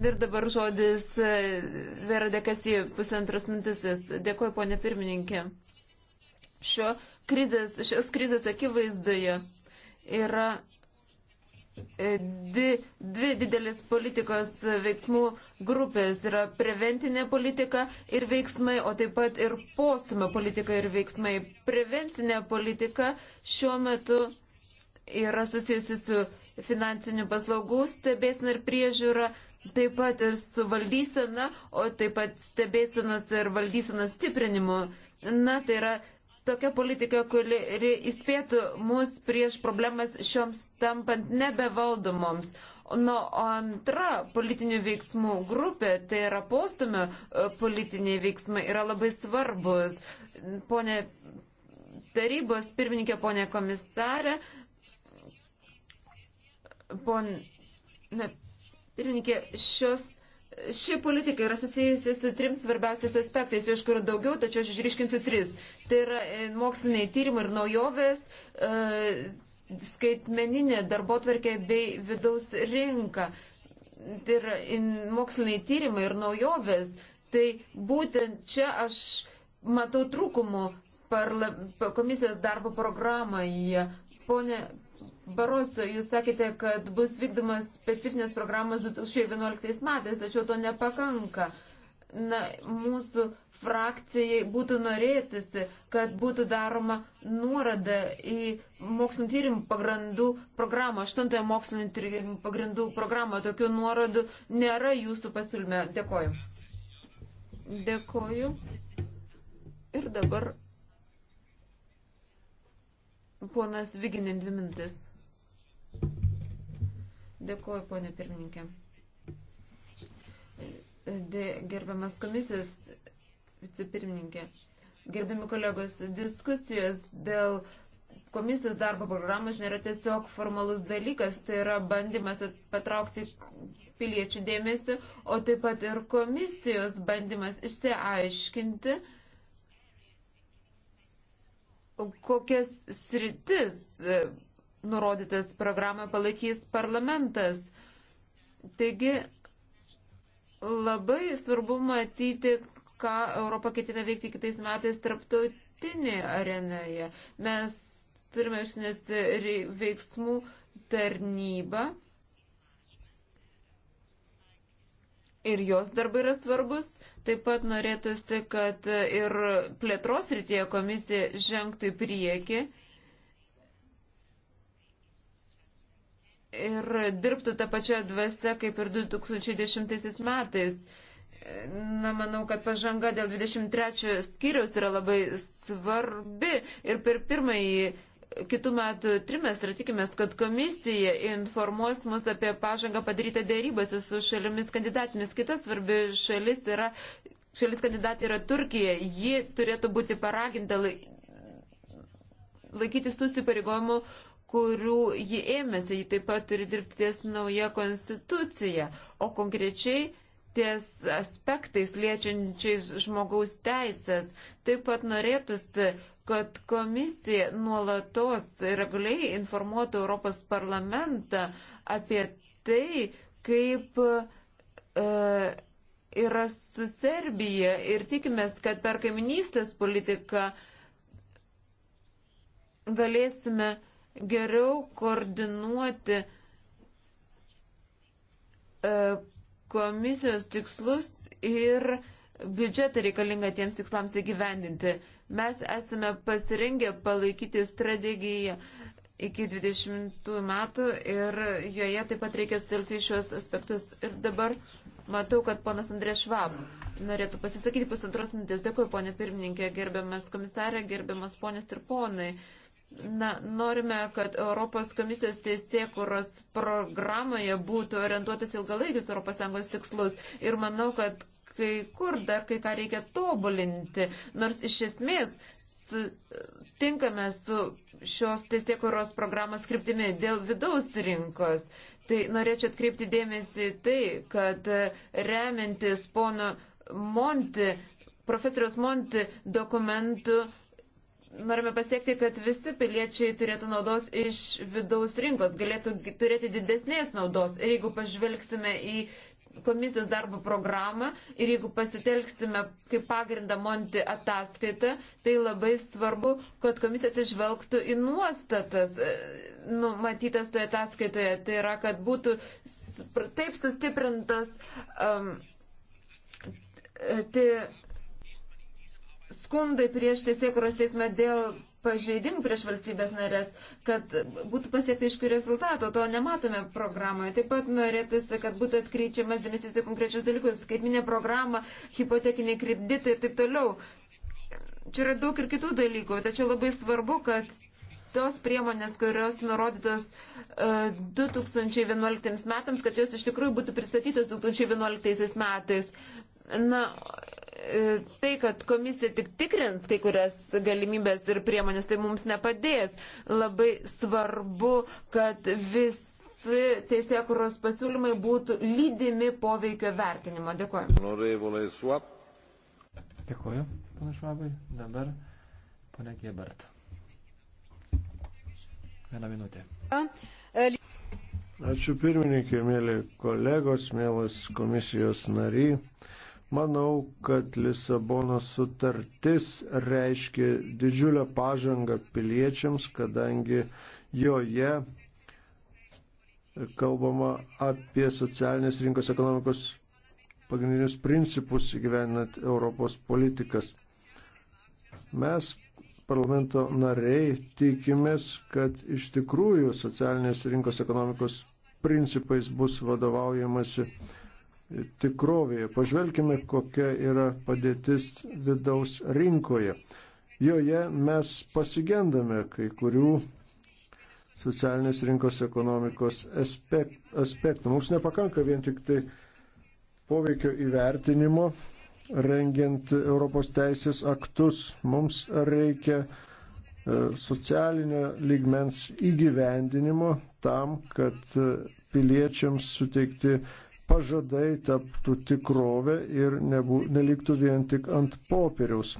Ir dabar žodis e, Vera Dekasi, pusantros mintisis. Dėkuoju, ponė pirmininkė. Šio krizės, šios krizės akivaizdoje yra E, di, dvi didelis politikos veiksmų grupės yra preventinė politika ir veiksmai, o taip pat ir postumio politika ir veiksmai. Prevencinė politika šiuo metu yra susijusi su finansinių paslaugų stebėsina ir priežiūra, taip pat ir su valdysena, o taip pat stebėsinos ir valdysenos stiprinimu. Na, tai yra tokia politika, kuri įspėtų mus prieš problemas šioms tampant nebevaldomoms. Nu, o antra politinių veiksmų grupė, tai yra postumio e, politiniai veiksmai, yra labai svarbus. Pone tarybos pirmininkė, ponė komisarė, ponė pirmininkė, šios Ši politika yra susijusi su trims svarbiausiais aspektais, iš kurių daugiau, tačiau aš išriškinsiu tris. Tai yra e, moksliniai tyrimai ir naujovės, e, skaitmeninė darbo tvarkė bei vidaus rinka. Tai yra moksliniai tyrimai ir naujovės. Tai būtent čia aš matau trūkumų parla, komisijos darbo programoje. Pone Baroso, jūs sakėte, kad bus vykdomas specifinės programos 2011 metais, tačiau to nepakanka. Na, mūsų frakcijai būtų norėtųsi, kad būtų daroma nuorada į mokslinio tyrimų pagrindų programą, aštuntąją mokslinio tyrimų pagrindų programą. Tokių nuorodų nėra jūsų pasiūlyme. Dėkoju. Dėkoju. Ir dabar ponas Viginin dvi mintis. Dėkuoju, ponė pirmininkė. De, gerbiamas komisijos vicepirmininkė. Gerbiami kolegos, diskusijos dėl komisijos darbo programos nėra tiesiog formalus dalykas, tai yra bandymas patraukti piliečių dėmesį, o taip pat ir komisijos bandymas išsiaiškinti, kokias sritis nurodytas programą palaikys parlamentas. Taigi labai svarbu matyti, ką Europa ketina veikti kitais metais tarptautinėje arenoje. Mes turime išsinės veiksmų tarnybą ir jos darbai yra svarbus. Taip pat norėtųsi, kad ir plėtros rytėje komisija žengtų į priekį. ir dirbtų tą pačią dvasę kaip ir 2010 metais. Na, manau, kad pažanga dėl 23 skyriaus yra labai svarbi ir per pirmąjį kitų metų trimestrą tikimės, kad komisija informuos mus apie pažangą padarytą dėrybose su šalimis kandidatėmis. Kita svarbi šalis yra. Šalis kandidatė yra Turkija. Ji turėtų būti paraginta laikytis tų įsipareigojimų, kurių ji ėmėsi, ji taip pat turi dirbti ties nauja konstitucija, o konkrečiai ties aspektais liečiančiais žmogaus teisės. Taip pat norėtųsi, kad komisija nuolatos reguliai informuotų Europos parlamentą apie tai, kaip e, yra su Serbija ir tikimės, kad per kaiminystės politiką galėsime geriau koordinuoti e, komisijos tikslus ir biudžetą reikalingą tiems tikslams įgyvendinti. Mes esame pasirengę palaikyti strategiją iki 20 metų ir joje taip pat reikia silpti šios aspektus. Ir dabar matau, kad ponas Andrė Švab norėtų pasisakyti pusantros minutės. Dėkuoju, ponė pirmininkė, gerbiamas komisarė, gerbiamas ponės ir ponai. Uh, Na, norime, kad Europos komisijos teisėkuros programoje būtų orientuotas ilgalaikius ES tikslus ir manau, kad kai kur dar kai ką reikia tobulinti, nors iš esmės sutinkame su šios teisėkuros programos skriptimi dėl vidaus rinkos. Tai norėčiau atkreipti dėmesį tai, kad remiantis pono Monti, profesorius Monti dokumentų norime pasiekti, kad visi piliečiai turėtų naudos iš vidaus rinkos, galėtų turėti didesnės naudos. Ir jeigu pažvelgsime į komisijos darbo programą ir jeigu pasitelksime kaip pagrindą Monti ataskaitą, tai labai svarbu, kad komisija atsižvelgtų į nuostatas e, numatytas toje ataskaitoje. Tai yra, kad būtų taip sustiprintas. Um, tai, skundai prieš teisėkuros teismą dėl pažeidimų prieš valstybės narės, kad būtų pasiekta iškių rezultato, to nematome programoje. Taip pat norėtųsi, kad būtų atkreičiamas dėmesys į konkrečius dalykus, skaitminė programa, hipotekiniai kreditai ir taip toliau. Čia yra daug ir kitų dalykų, tačiau labai svarbu, kad tos priemonės, kurios nurodytos e, uh, 2011 metams, kad jos iš tikrųjų būtų pristatytos 2011 metais. Na, E, tai, kad komisija tik tikrins kai kurias galimybės ir priemonės, tai mums nepadės. Labai svarbu, kad visi teisėkuros pasiūlymai būtų lydimi poveikio vertinimo. Dėkuoju. Dėkuoju, pana Švabai. Dabar pana Gebert. Vieną minutę. Ačiū pirmininkė, mėly kolegos, mėlas komisijos nariai. Manau, kad Lisabonos sutartis reiškia didžiulę pažangą piliečiams, kadangi joje kalbama apie socialinės rinkos ekonomikos pagrindinius principus įgyvenant Europos politikas. Mes, parlamento nariai, tikimės, kad iš tikrųjų socialinės rinkos ekonomikos principais bus vadovaujamasi tikrovėje. Pažvelkime, kokia yra padėtis vidaus rinkoje. Joje mes pasigendame kai kurių socialinės rinkos ekonomikos aspektų. Mums nepakanka vien tik tai poveikio įvertinimo, rengiant Europos teisės aktus. Mums reikia e, socialinio lygmens įgyvendinimo tam, kad e, piliečiams suteikti pažadai taptų tikrovę ir nebū, neliktų vien tik ant popieriaus.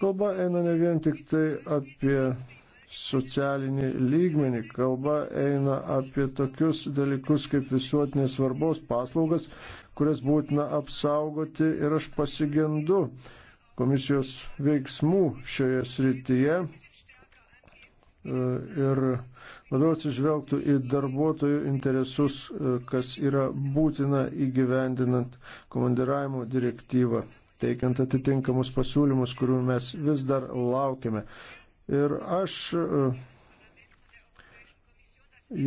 Kalba eina ne vien tik tai apie socialinį lygmenį, kalba eina apie tokius dalykus kaip visuotinės svarbos paslaugas, kurias būtina apsaugoti ir aš pasigendu komisijos veiksmų šioje srityje, ir labiau atsižvelgtų į darbuotojų interesus, kas yra būtina įgyvendinant komandiravimo direktyvą, teikiant atitinkamus pasiūlymus, kurių mes vis dar laukiame. Ir aš e,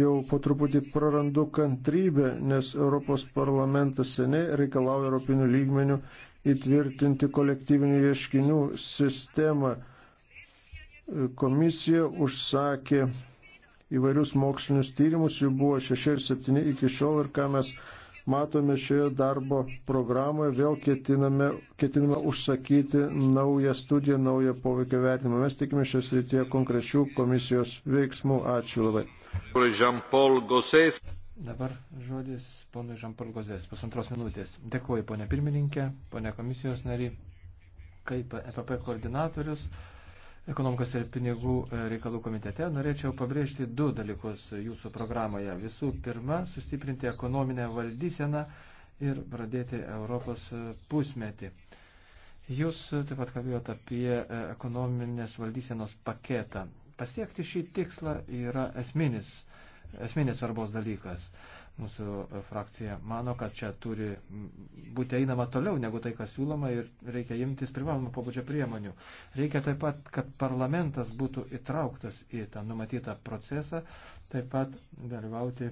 jau po truputį prarandu kantrybę, nes Europos parlamentas seniai reikalauja Europinių lygmenių įtvirtinti kolektyvinių ieškinių sistemą Komisija užsakė įvairius mokslinius tyrimus, jų buvo 6 ir 7 iki šiol ir ką mes matome šioje darbo programoje, vėl ketiname, ketiname užsakyti naują studiją, naują poveikio vertinimą. Mes tikime šios rytyje konkrečių komisijos veiksmų. Ačiū labai. Dabar žodis ponui Žampol Gozės, pusantros minutės. Dėkuoju, ponė pirmininkė, ponė komisijos nari, kaip EPP koordinatorius ekonomikos ir pinigų e, reikalų komitete, norėčiau pabrėžti du dalykus jūsų programoje. Visų pirma, sustiprinti ekonominę valdyseną ir pradėti Europos e, pusmetį. Jūs e, taip pat kalbėjote apie ekonominės valdysenos paketą. Pasiekti šį tikslą yra esminis, esminis svarbos dalykas. Mūsų frakcija mano, kad čia turi būti einama toliau negu tai, kas siūloma ir reikia imtis privalomų pobūdžio priemonių. Reikia taip pat, kad parlamentas būtų įtrauktas į tą numatytą procesą, taip pat dalyvauti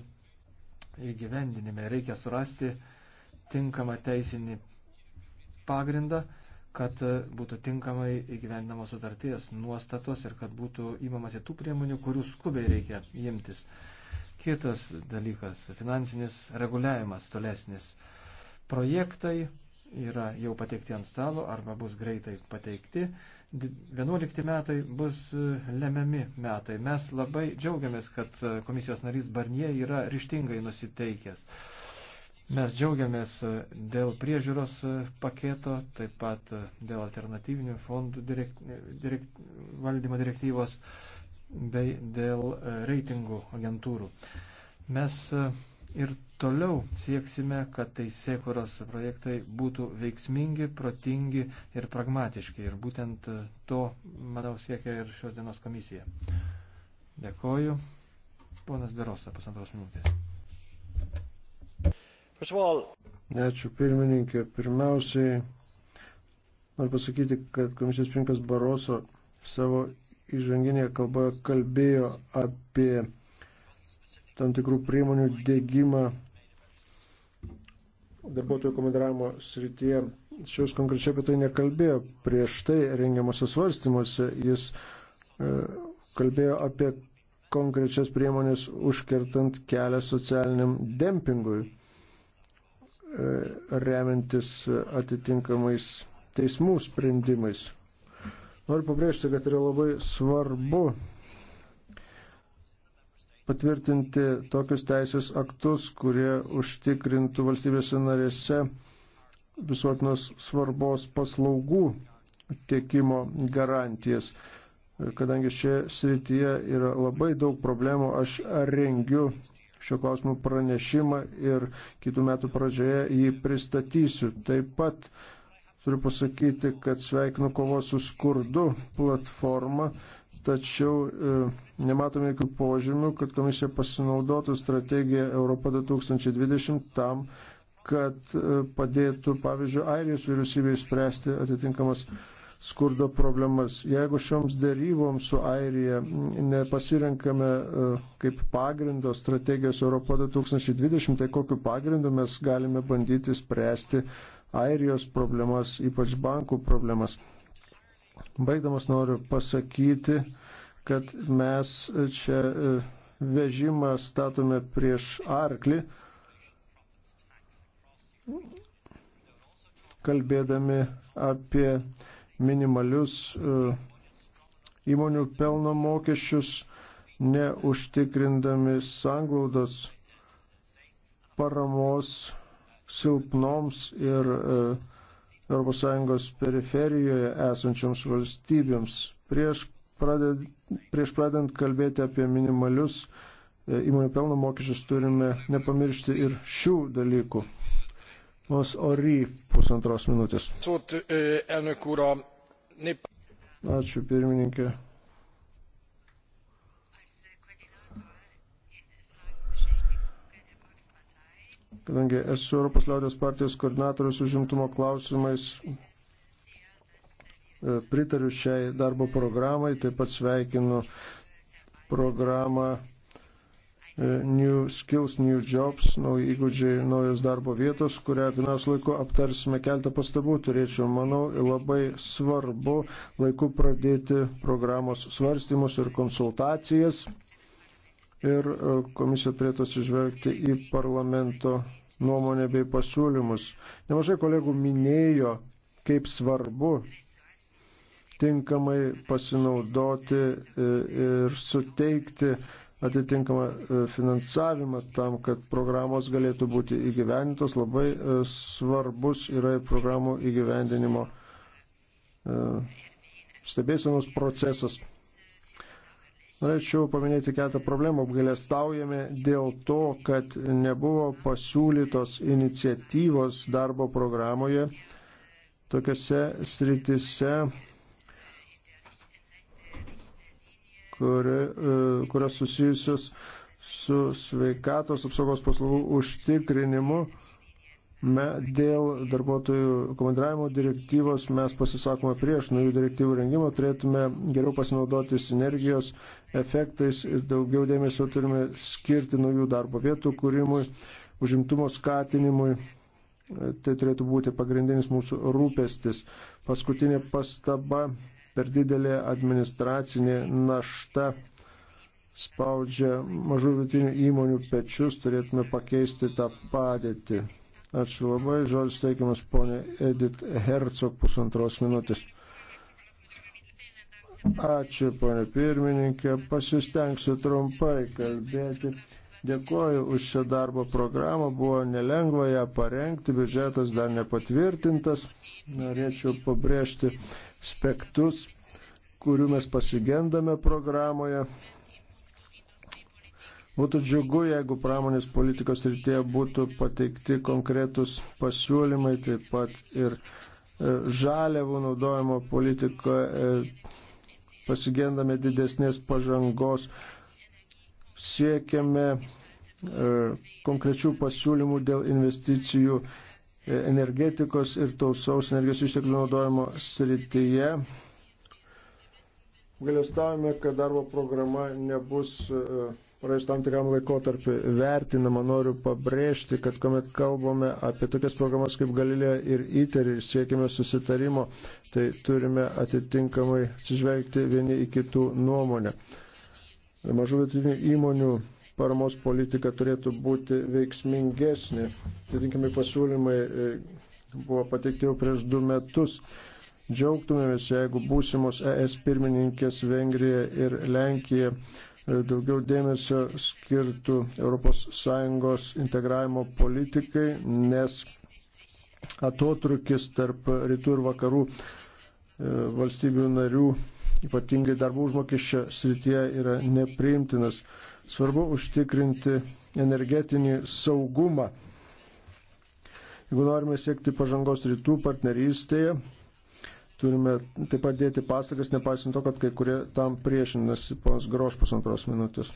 įgyvendinime. Reikia surasti tinkamą teisinį pagrindą kad būtų tinkamai įgyvendinamos sutarties nuostatos ir kad būtų įmamasi tų priemonių, kurių skubiai reikia imtis. Kitas dalykas - finansinis reguliavimas tolesnis. Projektai yra jau pateikti ant stalo arba bus greitai pateikti. 11 metai bus e, lemiami metai. Mes labai džiaugiamės, kad e, komisijos narys Barnie yra ryštingai nusiteikęs. Mes džiaugiamės e, dėl priežiūros paketo, taip pat dėl alternatyvinių fondų direkt, direkt, valdymo direktyvos. Uh, bei dėl e, reitingų agentūrų. Mes e, ir toliau sieksime, kad teisėkuros projektai būtų veiksmingi, protingi ir pragmatiški. Ir būtent e, to, manau, siekia ir šios dienos komisija. Dėkoju. Ponas Derosa, pusantros minutės. Pašval. Ačiū pirmininkė. Pirmiausiai noriu pasakyti, kad komisijos pirmininkas Baroso savo įžanginėje kalboje kalbėjo apie tam tikrų priemonių dėgymą darbuotojų komandiravimo srityje. Šios konkrečiai apie tai nekalbėjo. Prieš tai rengiamose svarstymuose jis e, kalbėjo apie konkrečias priemonės užkertant kelią socialiniam dempingui, e, remiantis atitinkamais teismų sprendimais. Noriu pabrėžti, kad yra labai svarbu patvirtinti tokius teisės aktus, kurie užtikrintų valstybėse narėse visuotinos svarbos paslaugų tiekimo garantijas. Kadangi šioje srityje yra labai daug problemų, aš rengiu šio klausimo pranešimą ir kitų metų pradžioje jį pristatysiu. Taip pat Turiu pasakyti, kad sveikinu kovos su skurdu platformą, tačiau e, nematome jokių požymių, kad komisija pasinaudotų strategiją Europa 2020 tam, kad e, padėtų, pavyzdžiui, Airijos vyriausybei spręsti atitinkamas skurdo problemas. Jeigu šioms dėryboms su Airija nepasirenkame e, kaip pagrindo strategijos Europo 2020, tai kokiu pagrindu mes galime bandyti spręsti Airijos problemas, ypač bankų problemas. Baigdamas noriu pasakyti, kad mes čia e, vežimą statome prieš arklį, kalbėdami apie minimalius e, įmonių pelno mokesčius, neužtikrindami sanglaudos paramos silpnoms ir ES periferijoje esančioms valstybėms. Prieš pradedant, prieš pradedant kalbėti apie minimalius e, įmonių pelno mokesčius turime nepamiršti ir šių dalykų. Nos Ori pusantros minutės. E, Ačiū pirmininkė. kadangi esu Europos liaudės partijos koordinatorius užimtumo klausimais, e, pritariu šiai darbo programai, taip pat sveikinu programą e, New Skills, New Jobs, nauji įgūdžiai, naujos darbo vietos, kurią finansų laiku aptarsime keltą pastabų. Turėčiau, manau, labai svarbu laiku pradėti programos svarstymus ir konsultacijas ir e, komisija turėtų atsižvelgti į parlamento nuomonę bei pasiūlymus. Nemažai kolegų minėjo, kaip svarbu tinkamai pasinaudoti e, ir suteikti atitinkamą e, finansavimą tam, kad programos galėtų būti įgyvendintos. Labai svarbus yra programų įgyvendinimo stebėsenos procesas. Norėčiau paminėti keletą problemų. Apgailestaujame dėl to, kad nebuvo pasiūlytos iniciatyvos darbo programoje tokiuose sritise, kuri, e, kurios susijusios su sveikatos apsaugos paslaugų užtikrinimu Me, dėl darbuotojų komandiravimo direktyvos mes pasisakome prieš naujų direktyvų rengimą, turėtume geriau pasinaudoti sinergijos efektais ir daugiau dėmesio turime skirti naujų darbo vietų kūrimui, užimtumo skatinimui. Tai turėtų būti pagrindinis mūsų rūpestis. Paskutinė pastaba per didelė administracinė našta spaudžia mažų vidutinių įmonių pečius, turėtume pakeisti tą padėtį. Ačiū labai. Žodis teikiamas ponė Edith Hercog pusantros minutės. Ačiū, ponė pirmininkė. Pasistengsiu trumpai kalbėti. Dėkuoju už šią darbo programą, buvo nelengva ją parengti, biudžetas dar nepatvirtintas. Norėčiau pabrėžti aspektus, kurių mes pasigendame programoje. Būtų džiugu, jeigu pramonės politikos rytėje būtų pateikti konkretus pasiūlymai, taip pat ir e, žaliavų naudojimo politikoje pasigendame didesnės pažangos, siekiame e, konkrečių pasiūlymų dėl investicijų e, energetikos ir tausaus energijos išteklių naudojimo srityje. Galėstavome, kad darbo programa nebus uh, praėjus tam tikram laikotarpiu vertinama. Noriu pabrėžti, kad kuomet kalbame apie tokias programas kaip Galilėja ir ITER ir siekime susitarimo, tai turime atitinkamai atsižvelgti vieni į kitų nuomonę. Mažų vietinių įmonių paramos politika turėtų būti veiksmingesnė. Atitinkami pasiūlymai e, buvo pateikti jau prieš du metus. Džiaugtumėmės, jeigu būsimos ES pirmininkės Vengrija ir Lenkija E, daugiau dėmesio skirtų ES integravimo politikai, nes atotrukis tarp rytų ir vakarų e, valstybių narių, ypatingai darbų užmokesčio srityje, yra nepriimtinas. Svarbu užtikrinti energetinį saugumą. Jeigu norime siekti pažangos rytų partnerystėje, turime taip pat dėti pasakas, nepaisant to, kad kai kurie tam priešinasi, pons Groš pusantros minutės.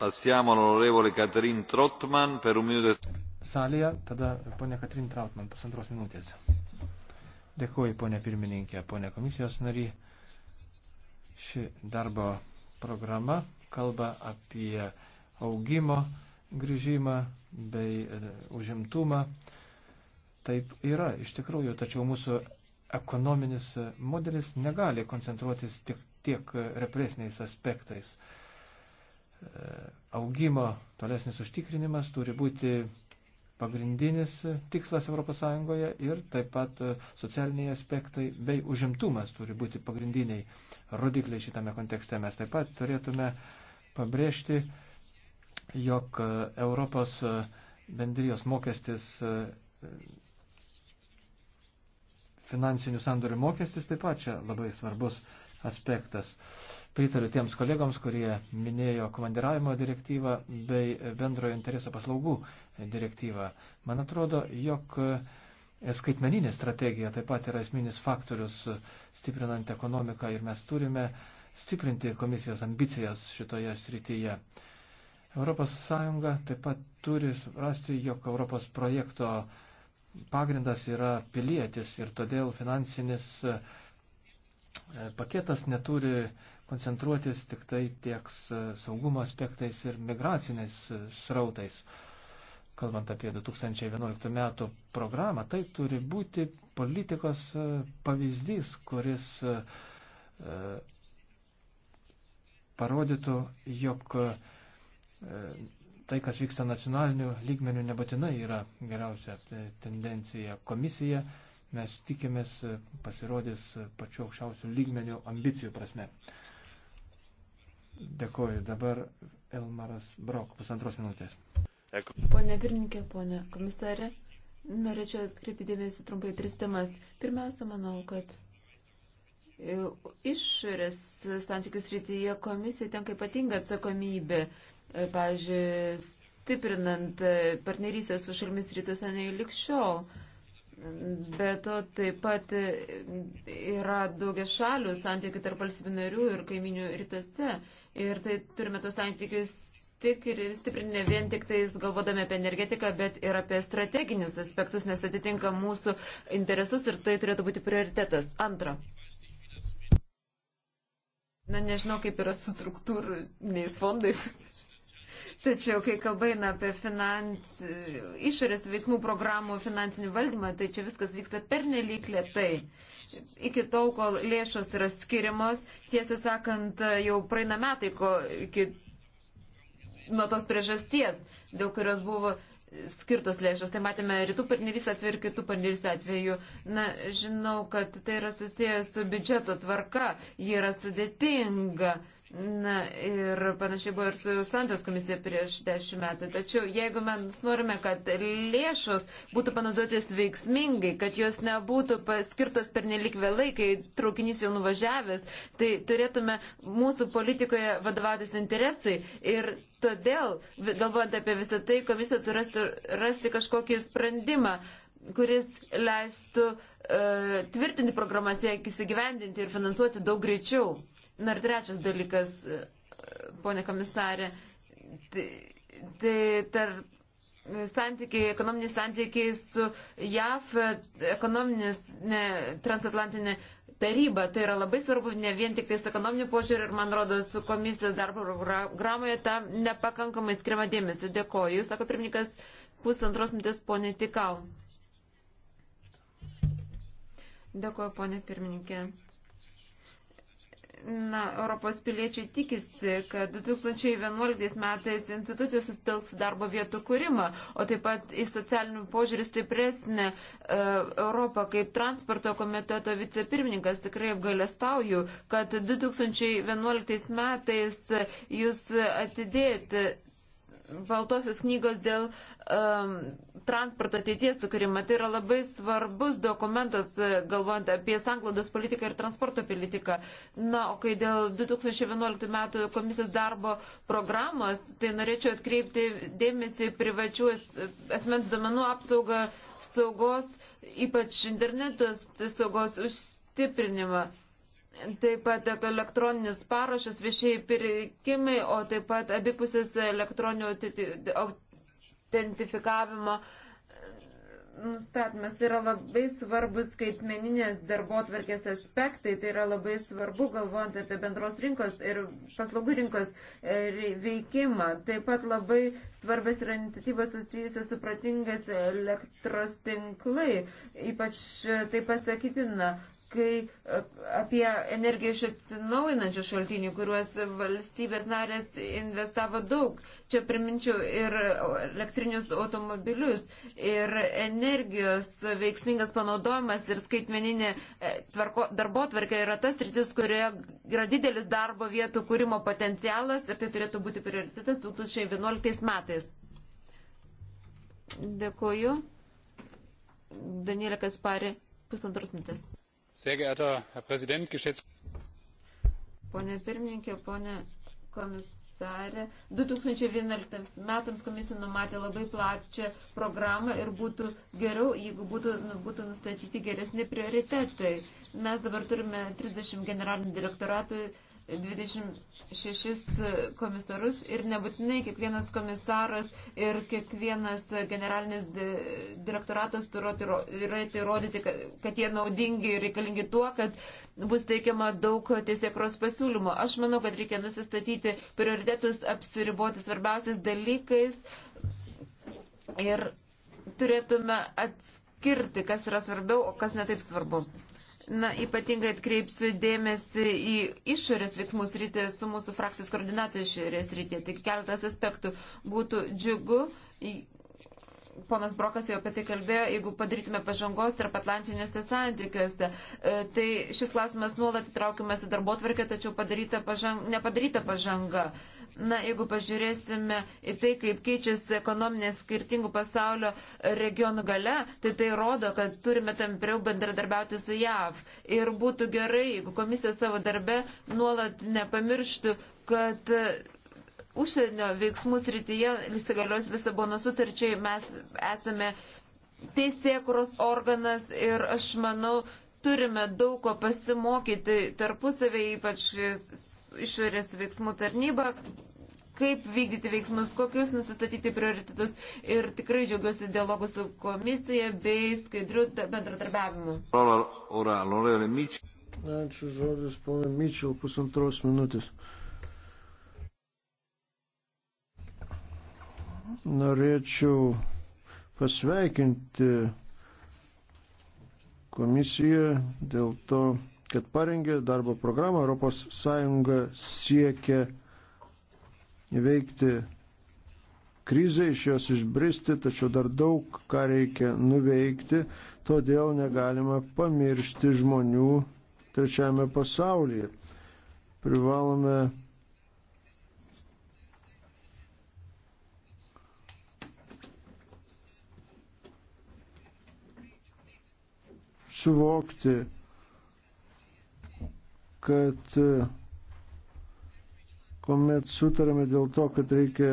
Passiamo l'onorevole Katrin Trotman per un minuto. E Salėje, tada ponė Katrin Trautman, pusantros minutės. Dėkuoju, ponė pirmininkė, ponė komisijos nary. Ši darbo programa kalba apie augimo grįžimą bei e, užimtumą. E, taip yra iš tikrųjų, tačiau mūsų ekonominis modelis negali koncentruotis tik tiek represiniais aspektais. E, augimo tolesnis užtikrinimas turi būti pagrindinis tikslas ES ir taip pat socialiniai aspektai bei užimtumas turi būti pagrindiniai rodikliai šitame kontekste. Mes taip pat turėtume pabrėžti, jog Europos bendrijos mokestis finansinių sandorių mokestis taip pat čia labai svarbus aspektas. Pritariu tiems kolegoms, kurie minėjo komandiravimo direktyvą bei bendrojo intereso paslaugų direktyvą. Man atrodo, jog skaitmeninė strategija taip pat yra esminis faktorius stiprinant ekonomiką ir mes turime stiprinti komisijos ambicijas šitoje srityje. ES taip pat turi suprasti, jog Europos projekto pagrindas yra pilietis ir todėl finansinis e, paketas neturi koncentruotis tik tai tiek e, saugumo aspektais ir migraciniais e, srautais. Kalbant apie 2011 metų programą, tai turi būti politikos pavyzdys, kuris parodytų, jog tai, kas vyksta nacionaliniu lygmeniu, nebūtinai yra geriausia tendencija. Komisija mes tikimės pasirodys pačiu aukščiausiu lygmeniu ambicijų prasme. Dėkoju. Dabar Elmaras Brok, pusantros minutės. Pone pirmininkė, pone komisarė, norėčiau atkreipti dėmesį trumpai tris temas. Pirmiausia, manau, kad e, išorės santykius rytyje komisija tenka ypatinga atsakomybė. E, pavyzdžiui, stiprinant e, partnerystę su šalimis rytuose nei likščiau. Bet to taip pat e, yra daugia šalių santykių tarp valstybių narių ir kaiminių rytuose. Ir tai turime tos santykius tik ir stiprinti ne vien tik tais galvodami apie energetiką, bet ir apie strateginius aspektus, nes atitinka mūsų interesus ir tai turėtų būti prioritetas. Antra. Na, nežinau, kaip yra su struktūriniais fondais. Tačiau, kai kalba eina apie finans, išorės veiksmų programų finansinį valdymą, tai čia viskas vyksta pernelyg lietai. Iki tol, kol lėšos yra skiriamos, tiesą sakant, jau praeina metai ko, iki, nuo tos priežasties, dėl kurios buvo skirtos lėšos. Tai matėme rytų partnerys atveju ir kitų partnerys atveju. Na, žinau, kad tai yra susijęs su biudžeto tvarka, ji yra sudėtinga. Uh, Na ir panašiai buvo ir su Santos komisija prieš dešimt metų. Tačiau jeigu mes norime, kad lėšos būtų panaudotis veiksmingai, kad jos nebūtų paskirtos per nelik vėlai, kai traukinys jau nuvažiavęs, tai turėtume mūsų politikoje vadovautis interesai. Ir todėl, galvojant apie visą tai, komisija turi rasti, rasti kažkokį sprendimą kuris leistų uh, tvirtinti programas, jas įsigyvendinti ir finansuoti daug greičiau. Na ir trečias dalykas, ponė komisarė, tai, tai tarp santykiai, ekonominiai santykiai su JAF, ekonominis ne, transatlantinė taryba. Tai yra labai svarbu ne vien tik tais ekonominių požiūrį ir, man rodos, komisijos darbo programoje tam nepakankamai skiriama dėmesio. Dėkoju, sako pirmininkas, pusantros mintis ponė Tikau. Dėkoju, ponė pirmininkė. Na, Europos piliečiai tikisi, kad 2011 metais institucijos sustelks darbo vietų kūrimą, o taip pat į socialinių požiūrį stipresnę e, Europą kaip transporto komiteto vicepirmininkas. Tikrai apgalėstauju, kad 2011 metais jūs atidėjote Baltosios knygos dėl e, um, transporto ateities sukūrimą. Tai yra labai svarbus dokumentas, e, galvojant apie sanglaudos politiką ir transporto politiką. Na, o kai dėl 2011 metų komisijos darbo programos, tai norėčiau atkreipti dėmesį privačių asmens duomenų apsaugą saugos, ypač internetos saugos užstiprinimą. Taip pat elektroninis parašas, viešiai pirkimai, o taip pat abipusės elektroninių identifikavimą nustatymas. Tai yra labai svarbus skaitmeninės darbo atvarkės aspektai, tai yra labai svarbu galvojant apie bendros rinkos ir paslaugų rinkos e, veikimą. Taip pat labai svarbės yra iniciatyvas susijusios su pratingas elektros tinklai. Ypač e, tai pasakytina, kai e, apie energiją iš atsinaujinančių šaltinių, kuriuos valstybės narės investavo daug. Čia priminčiau ir elektrinius automobilius ir energiją energijos veiksmingas panaudojimas ir skaitmeninė e, tvarko, darbo tvarkė yra tas rytis, kurioje yra didelis darbo vietų kūrimo potencialas ir tai turėtų būti prioritetas 2011 metais. Dėkuoju. Danielė Kaspari, pusantros minutės. Pone pirmininkė, pone komisarė komisarė, 2011 metams komisija numatė labai plačią programą ir būtų geriau, jeigu būtų, nu, būtų nustatyti geresni prioritetai. Mes dabar turime 30 generalinių direktoratų 26 komisarus ir nebūtinai kiekvienas komisaras ir kiekvienas generalinis direktoratas turi įrodyti, tai tai kad jie naudingi ir reikalingi tuo, kad bus teikiama daug tiesiekros pasiūlymų. Aš manau, kad reikia nusistatyti prioritetus, apsiriboti svarbiausiais dalykais ir turėtume atskirti, kas yra svarbiau, o kas netaip svarbu. Na, ypatingai atkreipsiu dėmesį į išorės veiksmus rytį su mūsų frakcijos koordinatoriais išorės rytį. Tik keletas aspektų būtų džiugu. Ponas Brokas jau apie tai kalbėjo, jeigu padarytume pažangos tarp atlantiniuose santykiuose. E, tai šis klausimas nuolat įtraukiamas į darbo tvarkę, tačiau padaryta pažang, nepadaryta pažanga. E, Na, jeigu pažiūrėsime į tai, kaip keičiasi ekonominė skirtingų pasaulio regionų gale, tai tai rodo, kad turime tampriau bendradarbiauti su JAV. Ir būtų gerai, jeigu komisija savo darbe nuolat nepamirštų, kad e, užsienio veiksmų srityje įsigalios Lisabono sutarčiai mes esame teisėkuros organas ir aš manau, turime daug ko pasimokyti tarpusavėje, ypač išorės veiksmų tarnybą, kaip vykdyti veiksmus, kokius nusistatyti prioritetus ir tikrai džiaugiuosi dialogu su komisija bei skaidriu bendradarbiavimu. Ačiū žodis, ponė Myčiau, pusantros minutės. Norėčiau pasveikinti komisiją dėl to, kad parengė darbo programą. ES siekia veikti krizę, iš jos išbristi, tačiau dar daug ką reikia nuveikti, todėl negalima pamiršti žmonių trečiame pasaulyje. Privalome suvokti kad e, kuomet sutarėme dėl to, kad reikia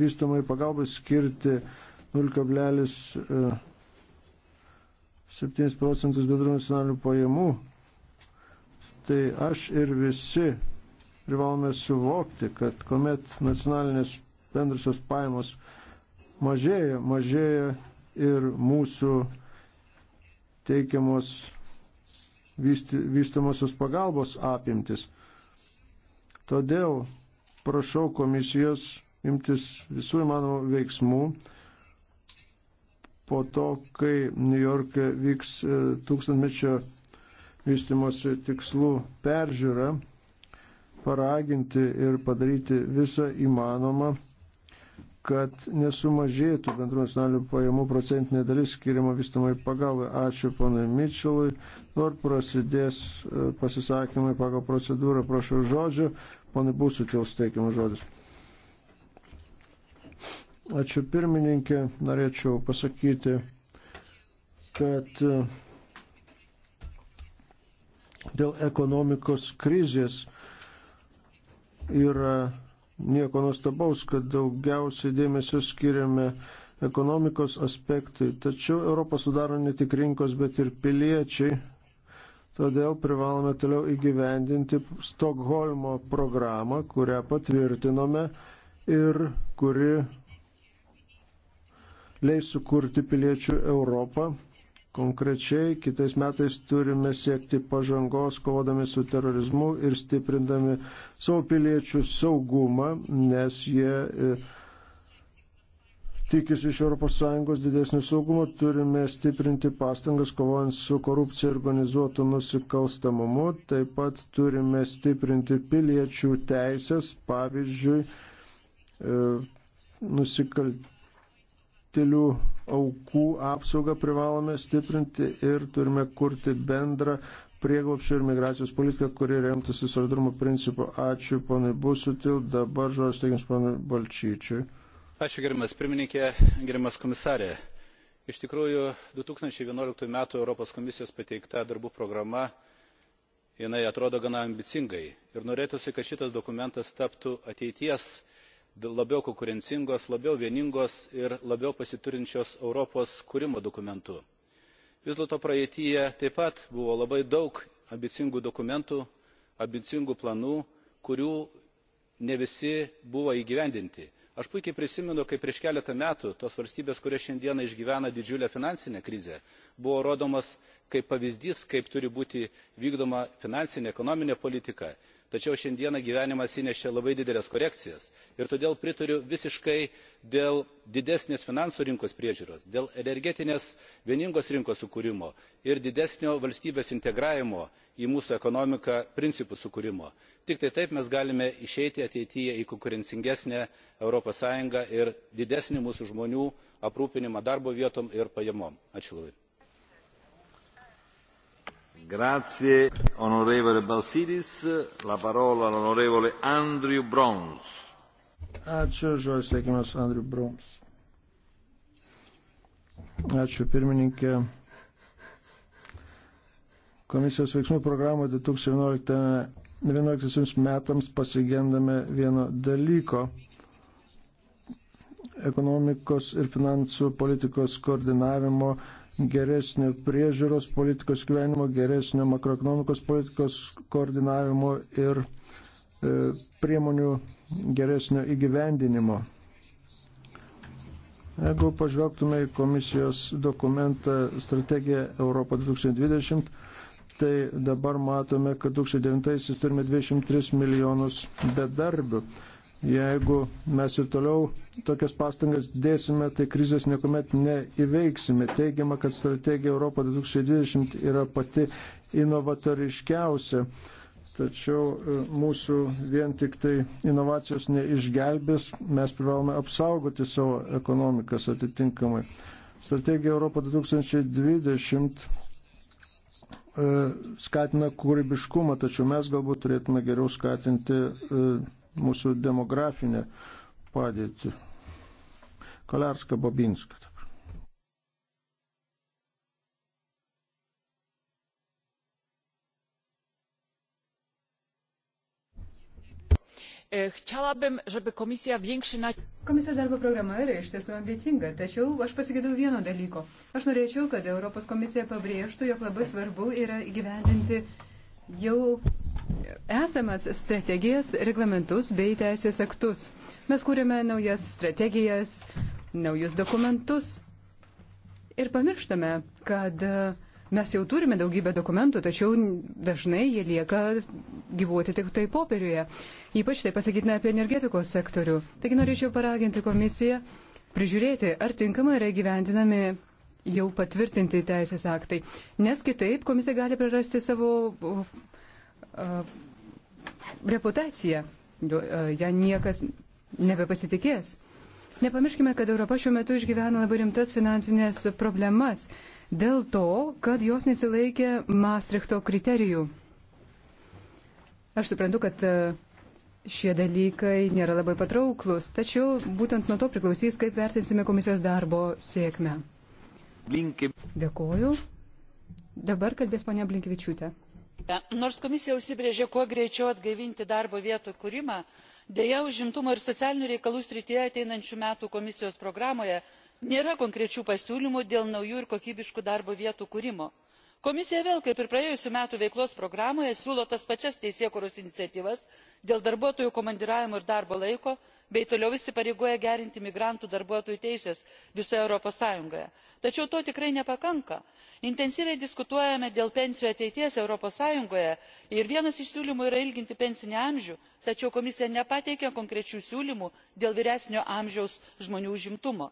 vystomai pagalbai skirti 0,7 e, procentus bendrų nacionalinių pajamų, tai aš ir visi privalome suvokti, kad kuomet nacionalinės bendrusios pajamos mažėja, mažėja ir mūsų teikiamos vystamosios pagalbos apimtis. Todėl prašau komisijos imtis visų įmanomų veiksmų po to, kai New York'e vyks e, tūkstantmečio vystimosi tikslų peržiūra, paraginti ir padaryti visą įmanomą kad nesumažėtų bendrų nacionalinių pajamų procentinė dalis skiriama vystamai pagalbai. Ačiū ponai Mičelui. Dabar prasidės e, pasisakymai pagal procedūrą. Prašau žodžio. Ponai Būsų kils teikiamas žodis. Ačiū pirmininkė. Norėčiau pasakyti, kad e, dėl ekonomikos krizės yra nieko nustabaus, kad daugiausiai dėmesio skiriame ekonomikos aspektui. Tačiau Europą sudaro ne tik rinkos, bet ir piliečiai. Todėl privalome toliau įgyvendinti Stokholmo programą, kurią patvirtinome ir kuri leis sukurti piliečių Europą, Konkrečiai kitais metais turime siekti pažangos, kovodami su terorizmu ir stiprindami savo piliečių saugumą, nes jie e, tikisi iš ES didesnio saugumo, turime stiprinti pastangas kovojant su korupcija ir organizuotu nusikalstamumu, taip pat turime stiprinti piliečių teisės, pavyzdžiui, e, nusikalt nusikaltelių aukų apsaugą privalome stiprinti ir turime kurti bendrą prieglopščio ir migracijos politiką, kuri remtasi solidarumo principu. Ačiū, ponai Busutil. Dabar žodis teikiams ponai Balčyčiui. Ačiū, gerimas pirmininkė, gerimas komisarė. Iš tikrųjų, 2011 m. Europos komisijos pateikta darbų programa, jinai atrodo gana ambicingai ir norėtųsi, kad šitas dokumentas taptų ateities labiau konkurencingos labiau vieningos ir labiau pasiturinčios europos kūrimo dokumentu. vis dėlto praeityje taip pat buvo labai daug ambicingų dokumentų ambicingų planų kurių ne visi buvo įgyvendinti. aš puikiai prisimenu kaip prieš keletą metų tos valstybės kurios šiandien išgyvena didžiulę finansinę krizę buvo rodomos kaip pavyzdys kaip turi būti vykdoma finansinė ekonominė politika tačiau šiandieną gyvenimas įnešė labai dideles korekcijas ir todėl pritariu visiškai dėl didesnės finansų rinkos priežiūros dėl energetinės vieningos rinkos sukūrimo ir didesnio valstybės integravimo į mūsų ekonomiką principų sukūrimo. tik tai taip mes galime išeiti ateityje į konkurencingesnę europos sąjungą ir didesnį mūsų žmonių aprūpinimą darbo vietom ir pajamom. ačiū labai. Grazie, onorevole Balsidis. La parola l'onorevole Andrew Browns. Ačiū, žodis sveikimas Andrew Browns. Ačiū, pirmininkė. Komisijos veiksmų programų 2011 metams pasigendame vieno dalyko ekonomikos ir finansų politikos koordinavimo geresnio priežiūros politikos gyvenimo, geresnio makroekonomikos politikos koordinavimo ir e, priemonių geresnio įgyvendinimo. Jeigu pažvelgtume į komisijos dokumentą strategiją Europą 2020, tai dabar matome, kad 2009-aisiais turime 203 milijonus bedarbių. Jeigu mes ir toliau tokias pastangas dėsime, tai krizės niekuomet neįveiksime. Teigiama, kad strategija Europo 2020 yra pati inovatoriškiausia. Tačiau e, mūsų vien tik tai inovacijos neišgelbės, mes privalome apsaugoti savo ekonomikas atitinkamai. Strategija Europo 2020 e, skatina kūrybiškumą, tačiau mes galbūt turėtume geriau skatinti e, mūsų demografinę padėtį. Kolarska Babinska. E, chciałabym, żeby komisja większy na... Komisijos darbo programa yra iš tiesų ambicinga, tačiau aš pasigėdau vieno dalyko. Aš norėčiau, kad Europos komisija pabrėžtų, jog labai svarbu yra įgyvendinti jau esamas strategijas, reglamentus bei teisės aktus. Mes kūrėme naujas strategijas, naujus dokumentus ir pamirštame, kad e, mes jau turime daugybę dokumentų, tačiau dažnai jie lieka gyvuoti tik tai popieriuje. Ypač tai pasakytume apie energetikos sektorių. Taigi norėčiau paraginti komisiją prižiūrėti, ar tinkamai yra gyventinami jau patvirtinti teisės aktai, nes kitaip komisija gali prarasti savo reputacija, ją niekas nebepasitikės. Nepamirškime, kad Europa šiuo metu išgyvena labai rimtas finansinės problemas dėl to, kad jos nesilaikė Maastrichto kriterijų. Aš suprantu, kad šie dalykai nėra labai patrauklus, tačiau būtent nuo to priklausys, kaip vertinsime komisijos darbo sėkmę. Blinkim. Dėkoju. Dabar kalbės ponia Blinkvičiūtė. E, nors komisija užsibrėžė kuo greičiau atgaivinti darbo vietų kūrimą deja užimtumo ir socialinių reikalų srityje ateinančių metų komisijos programoje nėra konkrečių pasiūlymų dėl naujų ir kokybiškų darbo vietų kūrimo. komisija vėl kaip ir praėjusių metų veiklos programoje siūlo tas pačias teisėkūros iniciatyvas dėl darbuotojų komandiravimo ir darbo laiko bei toliau įsipareigoja gerinti migrantų darbuotojų teises visoje europos sąjungoje. tačiau to tikrai nepakanka. intensyviai diskutuojame dėl pensijų ateities europos sąjungoje ir vienas iš siūlymų yra ilginti pensinį amžių tačiau komisija nepateikė konkrečių siūlymų dėl vyresnio amžiaus žmonių užimtumo.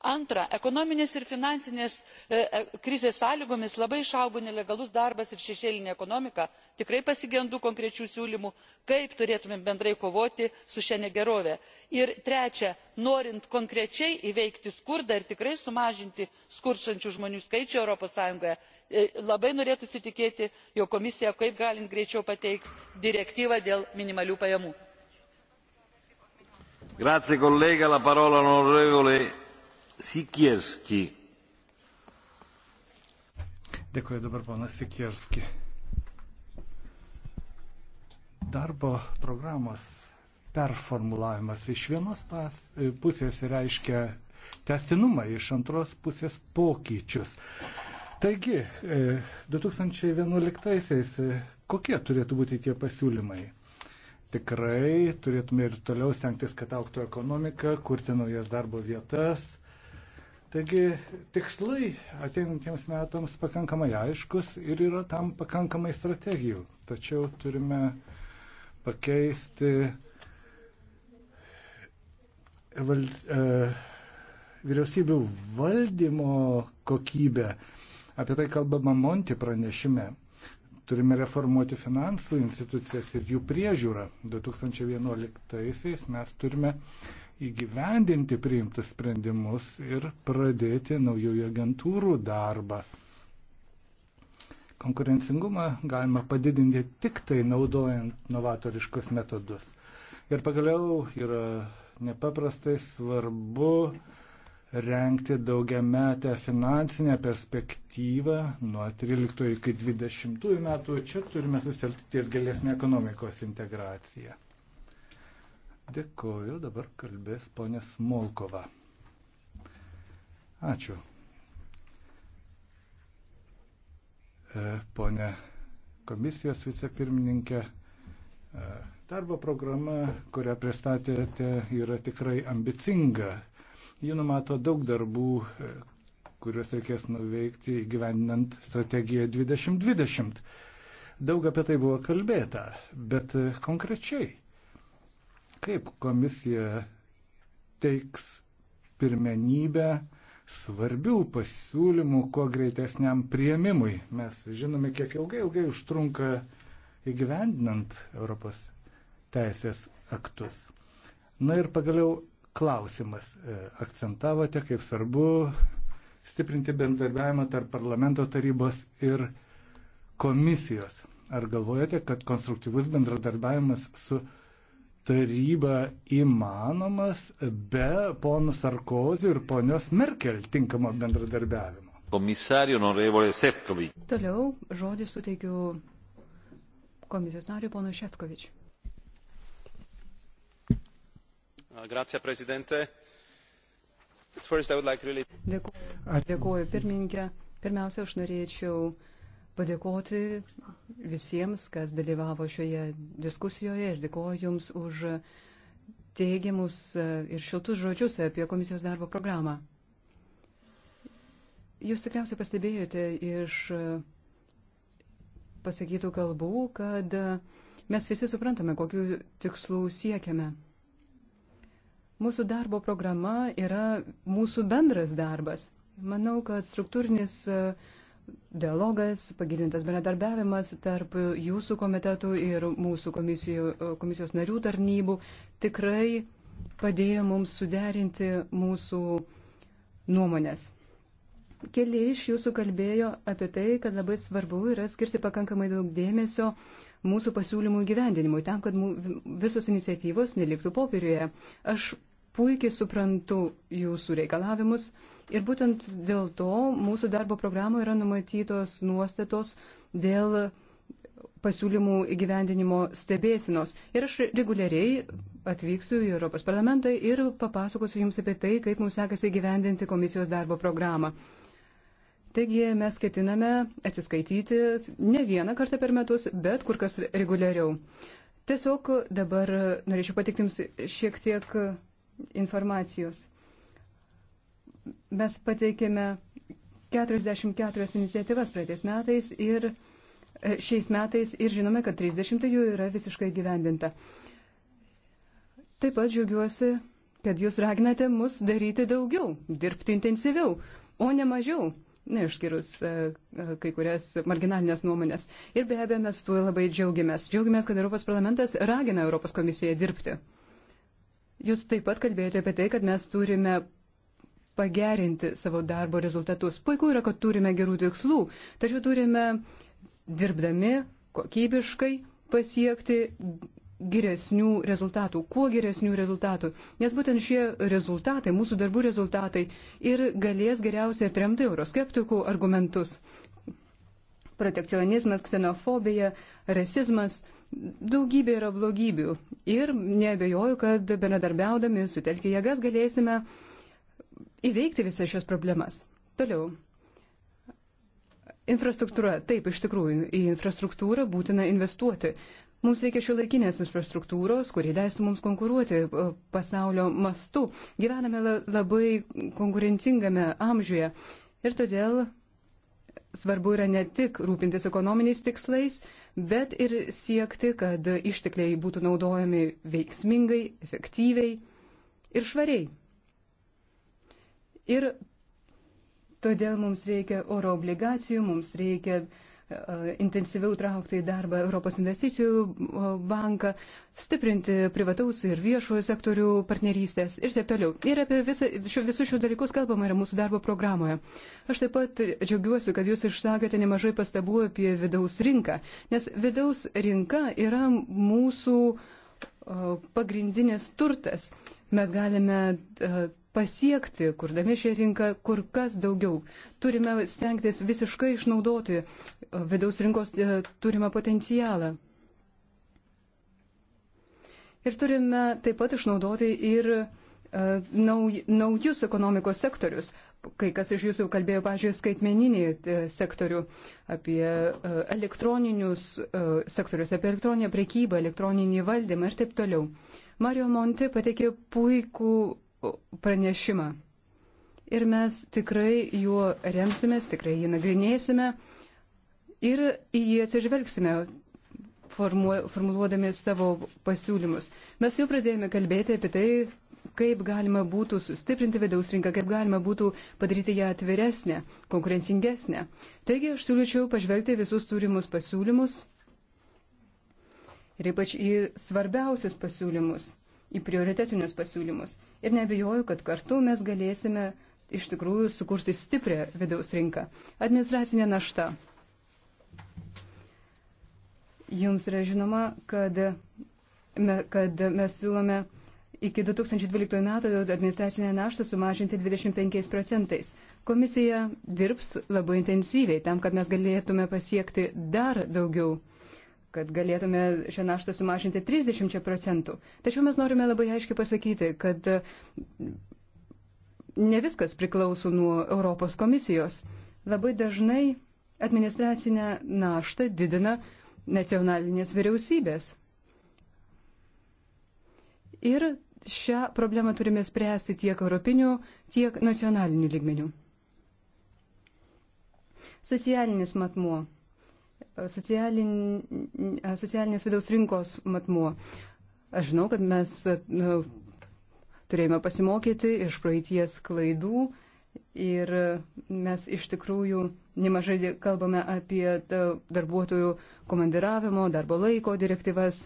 antra ekonominės ir finansinės e, e, krizės sąlygomis labai išaugo nelegalus darbas ir šešėlinė ekonomika tikrai pasigendu konkrečių siūlymų kaip turėtume bendrai kovoti su šia negerove ir trečia norint konkrečiai įveikti skurdą ir tikrai sumažinti skurstančių žmonių skaičių europos sąjungoje e, labai norėtųsi tikėti jog komisija kaip galint greičiau pateiks direktyvą dėl minimalių pajamų. Dėkuoju dabar ponas Sikierski. Darbo programos performulavimas iš vienos pas, e, pusės reiškia testinumą, iš antros pusės pokyčius. Taigi, 2011-aisiais e, e, kokie turėtų būti tie pasiūlymai? Tikrai turėtume ir toliau stengtis, kad auktų ekonomika, kurti naujas darbo vietas. Taigi, tikslai ateinantiems metams pakankamai aiškus ir yra tam pakankamai strategijų. Tačiau turime pakeisti vald, e, vyriausybių valdymo kokybę. Apie tai kalbama Monti pranešime. Turime reformuoti finansų institucijas ir jų priežiūrą. 2011 mes turime įgyvendinti priimtus sprendimus ir pradėti naujųjų agentūrų darbą. Konkurencingumą galima padidinti tik tai naudojant novatoriškus metodus. Ir pagaliau yra nepaprastai svarbu renkti daugiametę finansinę perspektyvą nuo 13 iki 20 metų. Čia turime susitelkti ties gilesnė ekonomikos integracija. Dėkoju, dabar kalbės ponė Smolkova. Ačiū. E, Pone komisijos vicepirmininkė, Darbo programa, kurią pristatėte, yra tikrai ambicinga. Ji numato daug darbų, kuriuos reikės nuveikti įgyvendinant strategiją 2020. Daug apie tai buvo kalbėta, bet konkrečiai, kaip komisija teiks pirmenybę svarbių pasiūlymų kuo greitesniam prieimimui. Mes žinome, kiek ilgai, ilgai užtrunka uh, įgyvendinant Europos teisės aktus. Na ir pagaliau klausimas. E, akcentavote, kaip svarbu stiprinti bendradarbiavimą tarp parlamento tarybos ir komisijos. Ar galvojate, kad konstruktyvus bendradarbiavimas su taryba įmanomas be ponų Sarkozy ir ponios Merkel tinkamo bendradarbiavimo? Komisario Norevole Sefkovi. Toliau žodį suteikiu komisijos nariu ponu Šefkovič. Uh, grazie, prezidente. First, I would like really... Dėkuoju, dėkuoju pirmininkė. Pirmiausia, aš norėčiau padėkoti visiems, kas dalyvavo šioje diskusijoje ir dėkuoju Jums už teigiamus uh, ir šiltus žodžius apie komisijos darbo programą. Jūs tikriausiai pastebėjote iš uh, pasakytų kalbų, kad mes visi suprantame, kokiu tikslu siekiame. Mūsų darbo programa yra mūsų bendras darbas. Manau, kad struktūrinis e, dialogas, pagilintas bendradarbiavimas tarp jūsų komitetų ir mūsų komisijų, e, komisijos narių tarnybų tikrai padėjo mums suderinti mūsų nuomonės. Keli iš jūsų kalbėjo apie tai, kad labai svarbu yra skirti pakankamai daug dėmesio mūsų pasiūlymų gyvendinimui, tam, kad visos iniciatyvos neliktų popieriuje. Aš puikiai suprantu jūsų reikalavimus ir būtent dėl to mūsų darbo programoje yra numatytos nuostatos dėl pasiūlymų įgyvendinimo stebėsinos. Ir aš reguliariai atvyksiu į Europos parlamentą ir papasakosiu Jums apie tai, kaip mums sekasi įgyvendinti komisijos darbo programą. Taigi mes ketiname atsiskaityti ne vieną kartą per metus, bet kur kas reguliariau. Tiesiog dabar norėčiau patikti Jums šiek tiek informacijos. Mes pateikėme 44 iniciatyvas praeitais metais ir e, šiais metais ir žinome, kad 30 jų yra visiškai gyvendinta. Taip pat džiaugiuosi, kad jūs raginate mus daryti daugiau, dirbti intensyviau, o ne mažiau na, išskyrus e, e, kai kurias marginalinės nuomonės. Ir be abejo, mes tuo labai džiaugiamės. Džiaugiamės, kad Europos parlamentas ragina Europos komisiją dirbti. Jūs taip pat kalbėjote apie tai, kad mes turime pagerinti savo darbo rezultatus. Puiku yra, kad turime gerų tikslų, tačiau turime dirbdami kokybiškai pasiekti geresnių rezultatų, kuo geresnių rezultatų, nes būtent šie rezultatai, mūsų darbų rezultatai ir galės geriausiai atremti euroskeptikų argumentus. Protekcionizmas, ksenofobija, rasizmas - daugybė yra blogybių ir nebejoju, kad benedarbiaudami sutelkę jėgas galėsime įveikti visas šios problemas. Toliau. Infrastruktūra. Taip, iš tikrųjų, į infrastruktūrą būtina investuoti. Mums reikia šiuolaikinės infrastruktūros, kuri leistų mums konkuruoti e, pasaulio mastu. Gyvename labai konkurencingame amžiuje ir todėl svarbu yra ne tik rūpintis ekonominiais tikslais, bet ir siekti, kad ištekliai būtų naudojami veiksmingai, efektyviai ir švariai. Ir todėl mums reikia oro obligacijų, mums reikia uh, E, intensyviau traukti į darbą Europos investicijų e, banką, stiprinti privataus ir viešojo sektorių partnerystės ir taip toliau. Ir apie visą, šiu, visus šių dalykus kalbama yra mūsų darbo programoje. Aš taip pat džiaugiuosi, kad jūs išsakėte nemažai pastabų apie vidaus rinką, nes vidaus rinka yra mūsų e, pagrindinis turtas. Mes galime pasiekti, kurdami šią rinką, kur kas daugiau. Turime stengtis visiškai išnaudoti e, vidaus rinkos e, turimą potencialą. Ir turime taip pat išnaudoti ir e, nauj, naujus ekonomikos sektorius. Kai kas iš jūsų kalbėjo, pažiūrėjau, skaitmeninį sektorių, apie elektroninius sektorius, apie elektroninę prekybą, elektroninį valdymą ir taip toliau. Mario Monti pateikė puikų pranešimą. Ir mes tikrai juo remsimės, tikrai jį nagrinėsime ir į jį atsižvelgsime, formu, formuluodami savo pasiūlymus. Mes jau pradėjome kalbėti apie tai, kaip galima būtų sustiprinti vidaus rinką, kaip galima būtų padaryti ją atviresnę, konkurencingesnę. Taigi aš siūlyčiau pažvelgti visus turimus pasiūlymus ir ypač į svarbiausius pasiūlymus į prioritetinius pasiūlymus. Ir nebejoju, kad kartu mes galėsime iš tikrųjų sukurti stiprią vidaus rinką. Administracinė našta. Jums yra žinoma, kad, me, kad mes siūlome iki 2012 metų administracinę naštą sumažinti 25 procentais. Komisija dirbs labai intensyviai tam, kad mes galėtume pasiekti dar daugiau kad galėtume šią naštą sumažinti 30 procentų. Tačiau mes norime labai aiškiai pasakyti, kad mm, ne viskas priklauso nuo Europos komisijos. Labai dažnai administracinę naštą didina nacionalinės vyriausybės. Ir šią problemą turime spręsti tiek europinių, tiek nacionalinių lygmenių. Socialinis matmuo socialin, socialinės vidaus rinkos matmuo. Aš žinau, kad mes nu, turėjome pasimokyti iš praeities klaidų ir mes iš tikrųjų nemažai kalbame apie darbuotojų komandiravimo, darbo laiko direktyvas.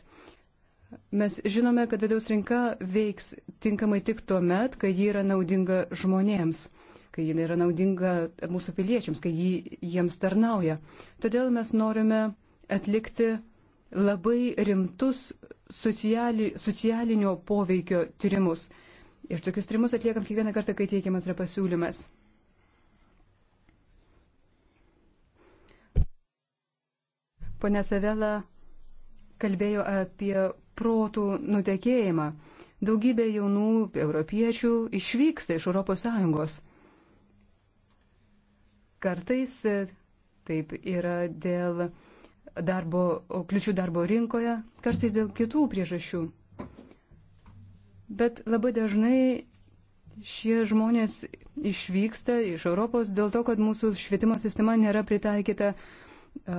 Mes žinome, kad vidaus rinka veiks tinkamai tik tuo met, kai ji yra naudinga žmonėms kai jinai yra naudinga mūsų piliečiams, kai ji jiems tarnauja. Todėl mes norime atlikti labai rimtus sociali, socialinio poveikio tyrimus. Ir tokius tyrimus atliekam kiekvieną kartą, kai teikiamas yra pasiūlymas. Pone Savela kalbėjo apie protų nutekėjimą. Daugybė jaunų europiečių išvyksta iš ES. Kartais e, taip yra dėl darbo, kliučių darbo rinkoje, kartais dėl kitų priežasčių. Bet labai dažnai šie žmonės išvyksta iš Europos dėl to, kad mūsų švietimo sistema nėra pritaikyta e,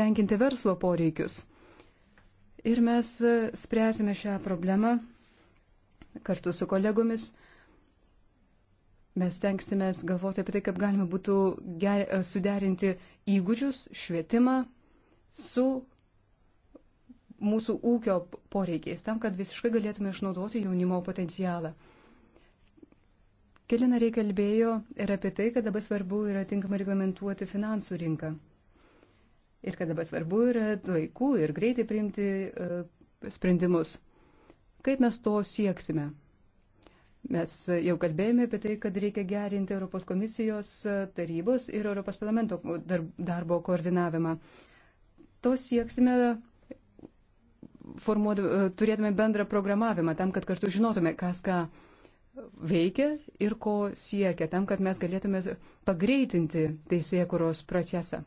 tenkinti verslo poreikius. Ir mes e, spręsime šią problemą kartu su kolegomis. Mes tenksime galvoti apie tai, kaip galima būtų e, suderinti įgūdžius, švietimą su mūsų ūkio poreikiais, tam, kad visiškai galėtume išnaudoti jaunimo potencialą. Keli nariai kalbėjo ir apie tai, kad dabar svarbu yra tinkamai reglamentuoti finansų rinką. Ir kad dabar svarbu yra laiku ir greitai priimti uh, sprendimus. Kaip mes to sieksime? Mes jau kalbėjome apie tai, kad reikia gerinti Europos komisijos e, tarybos ir Europos parlamento darbo koordinavimą. To sieksime e, turėtume bendrą programavimą tam, kad kartu žinotume, kas ką veikia ir ko siekia, tam, kad mes galėtume pagreitinti teisėje kuros procesą,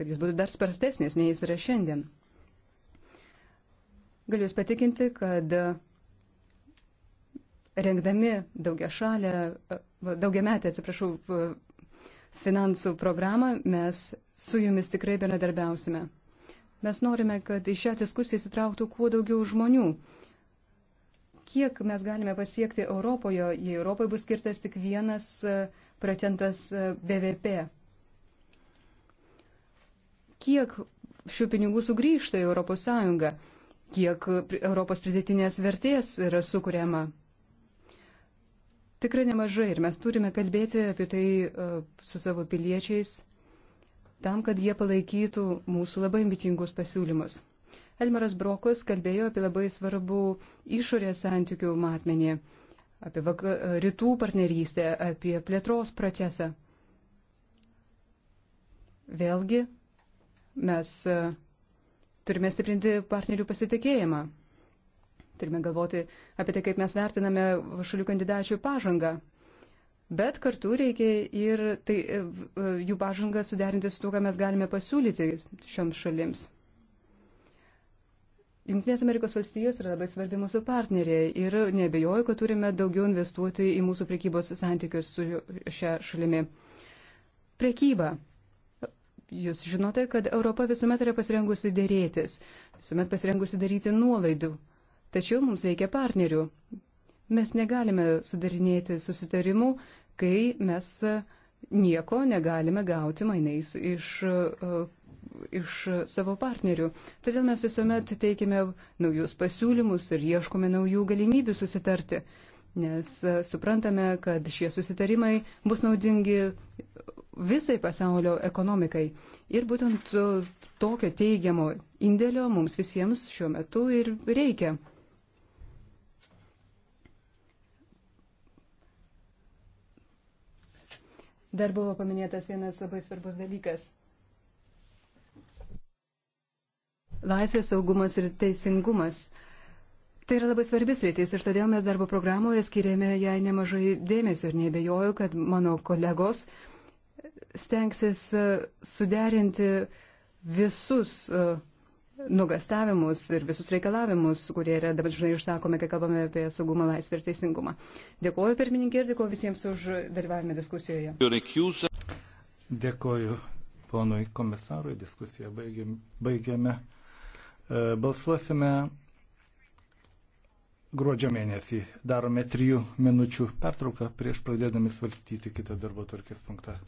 kad jis būtų dar spartesnis, nei jis yra šiandien. Galiu Jūs patikinti, kad rengdami daugia šalę, daugia metę, atsiprašau, finansų programą, mes su jumis tikrai bendradarbiausime. Mes norime, kad į šią diskusiją įsitrauktų kuo daugiau žmonių. Kiek mes galime pasiekti Europoje, jei Europoje bus skirtas tik vienas e, procentas e, BVP? Kiek šių pinigų sugrįžta į ES? Kiek Europos pridėtinės vertės yra sukuriama? tikrai nemažai ir mes turime kalbėti apie tai e, su savo piliečiais tam, kad jie palaikytų mūsų labai ambicingus pasiūlymus. Elmaras Brokus kalbėjo apie labai svarbų išorės santykių matmenį, apie rytų partnerystę, apie plėtros procesą. Vėlgi, mes e, turime stiprinti partnerių pasitikėjimą. Turime galvoti apie tai, kaip mes vertiname šalių kandidačių pažangą. Bet kartu reikia ir tai, e, e, jų pažangą suderinti su tuo, ką mes galime pasiūlyti šioms šalims. Junktinės Amerikos valstijos yra labai svarbi mūsų partnerė ir nebejoju, kad turime daugiau investuoti į mūsų prekybos santykius su šia šalimi. Prekyba. Jūs žinote, kad Europa visuomet yra pasirengusi dėrėtis, visuomet pasirengusi daryti nuolaidų Tačiau mums reikia partnerių. Mes negalime sudarinėti susitarimų, kai mes e, nieko negalime gauti mainais iš, e, iš savo partnerių. Todėl mes visuomet teikime naujus pasiūlymus ir ieškome naujų galimybių susitarti, nes e, suprantame, kad šie susitarimai bus naudingi visai pasaulio ekonomikai. Ir būtent tokio teigiamo indėlio mums visiems šiuo metu ir reikia. Dar buvo paminėtas vienas labai svarbus dalykas. Laisvė, saugumas ir teisingumas. Tai yra labai svarbis rytis ir todėl mes darbo programoje skiriame jai nemažai dėmesio ir nebejoju, kad mano kolegos stengsis suderinti visus uh, nugastavimus ir visus reikalavimus, kurie yra dabar žinai išsakome, kai kalbame apie saugumą, laisvę ir teisingumą. Dėkuoju pirmininkė ir dėkuoju visiems už dalyvavimą diskusijoje. Dėkuoju ponui komisarui, diskusiją baigiame. E, balsuosime gruodžio mėnesį. Darome trijų minučių pertrauką prieš pradėdami svarstyti kitą darbo tvarkės punktą.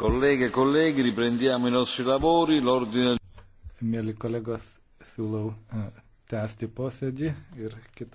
Kolegė, kolegė, e riprendiamo į nostri lavori, l'ordine. Mėly kolegos, siūlau eh, tęsti posėdį ir kitą.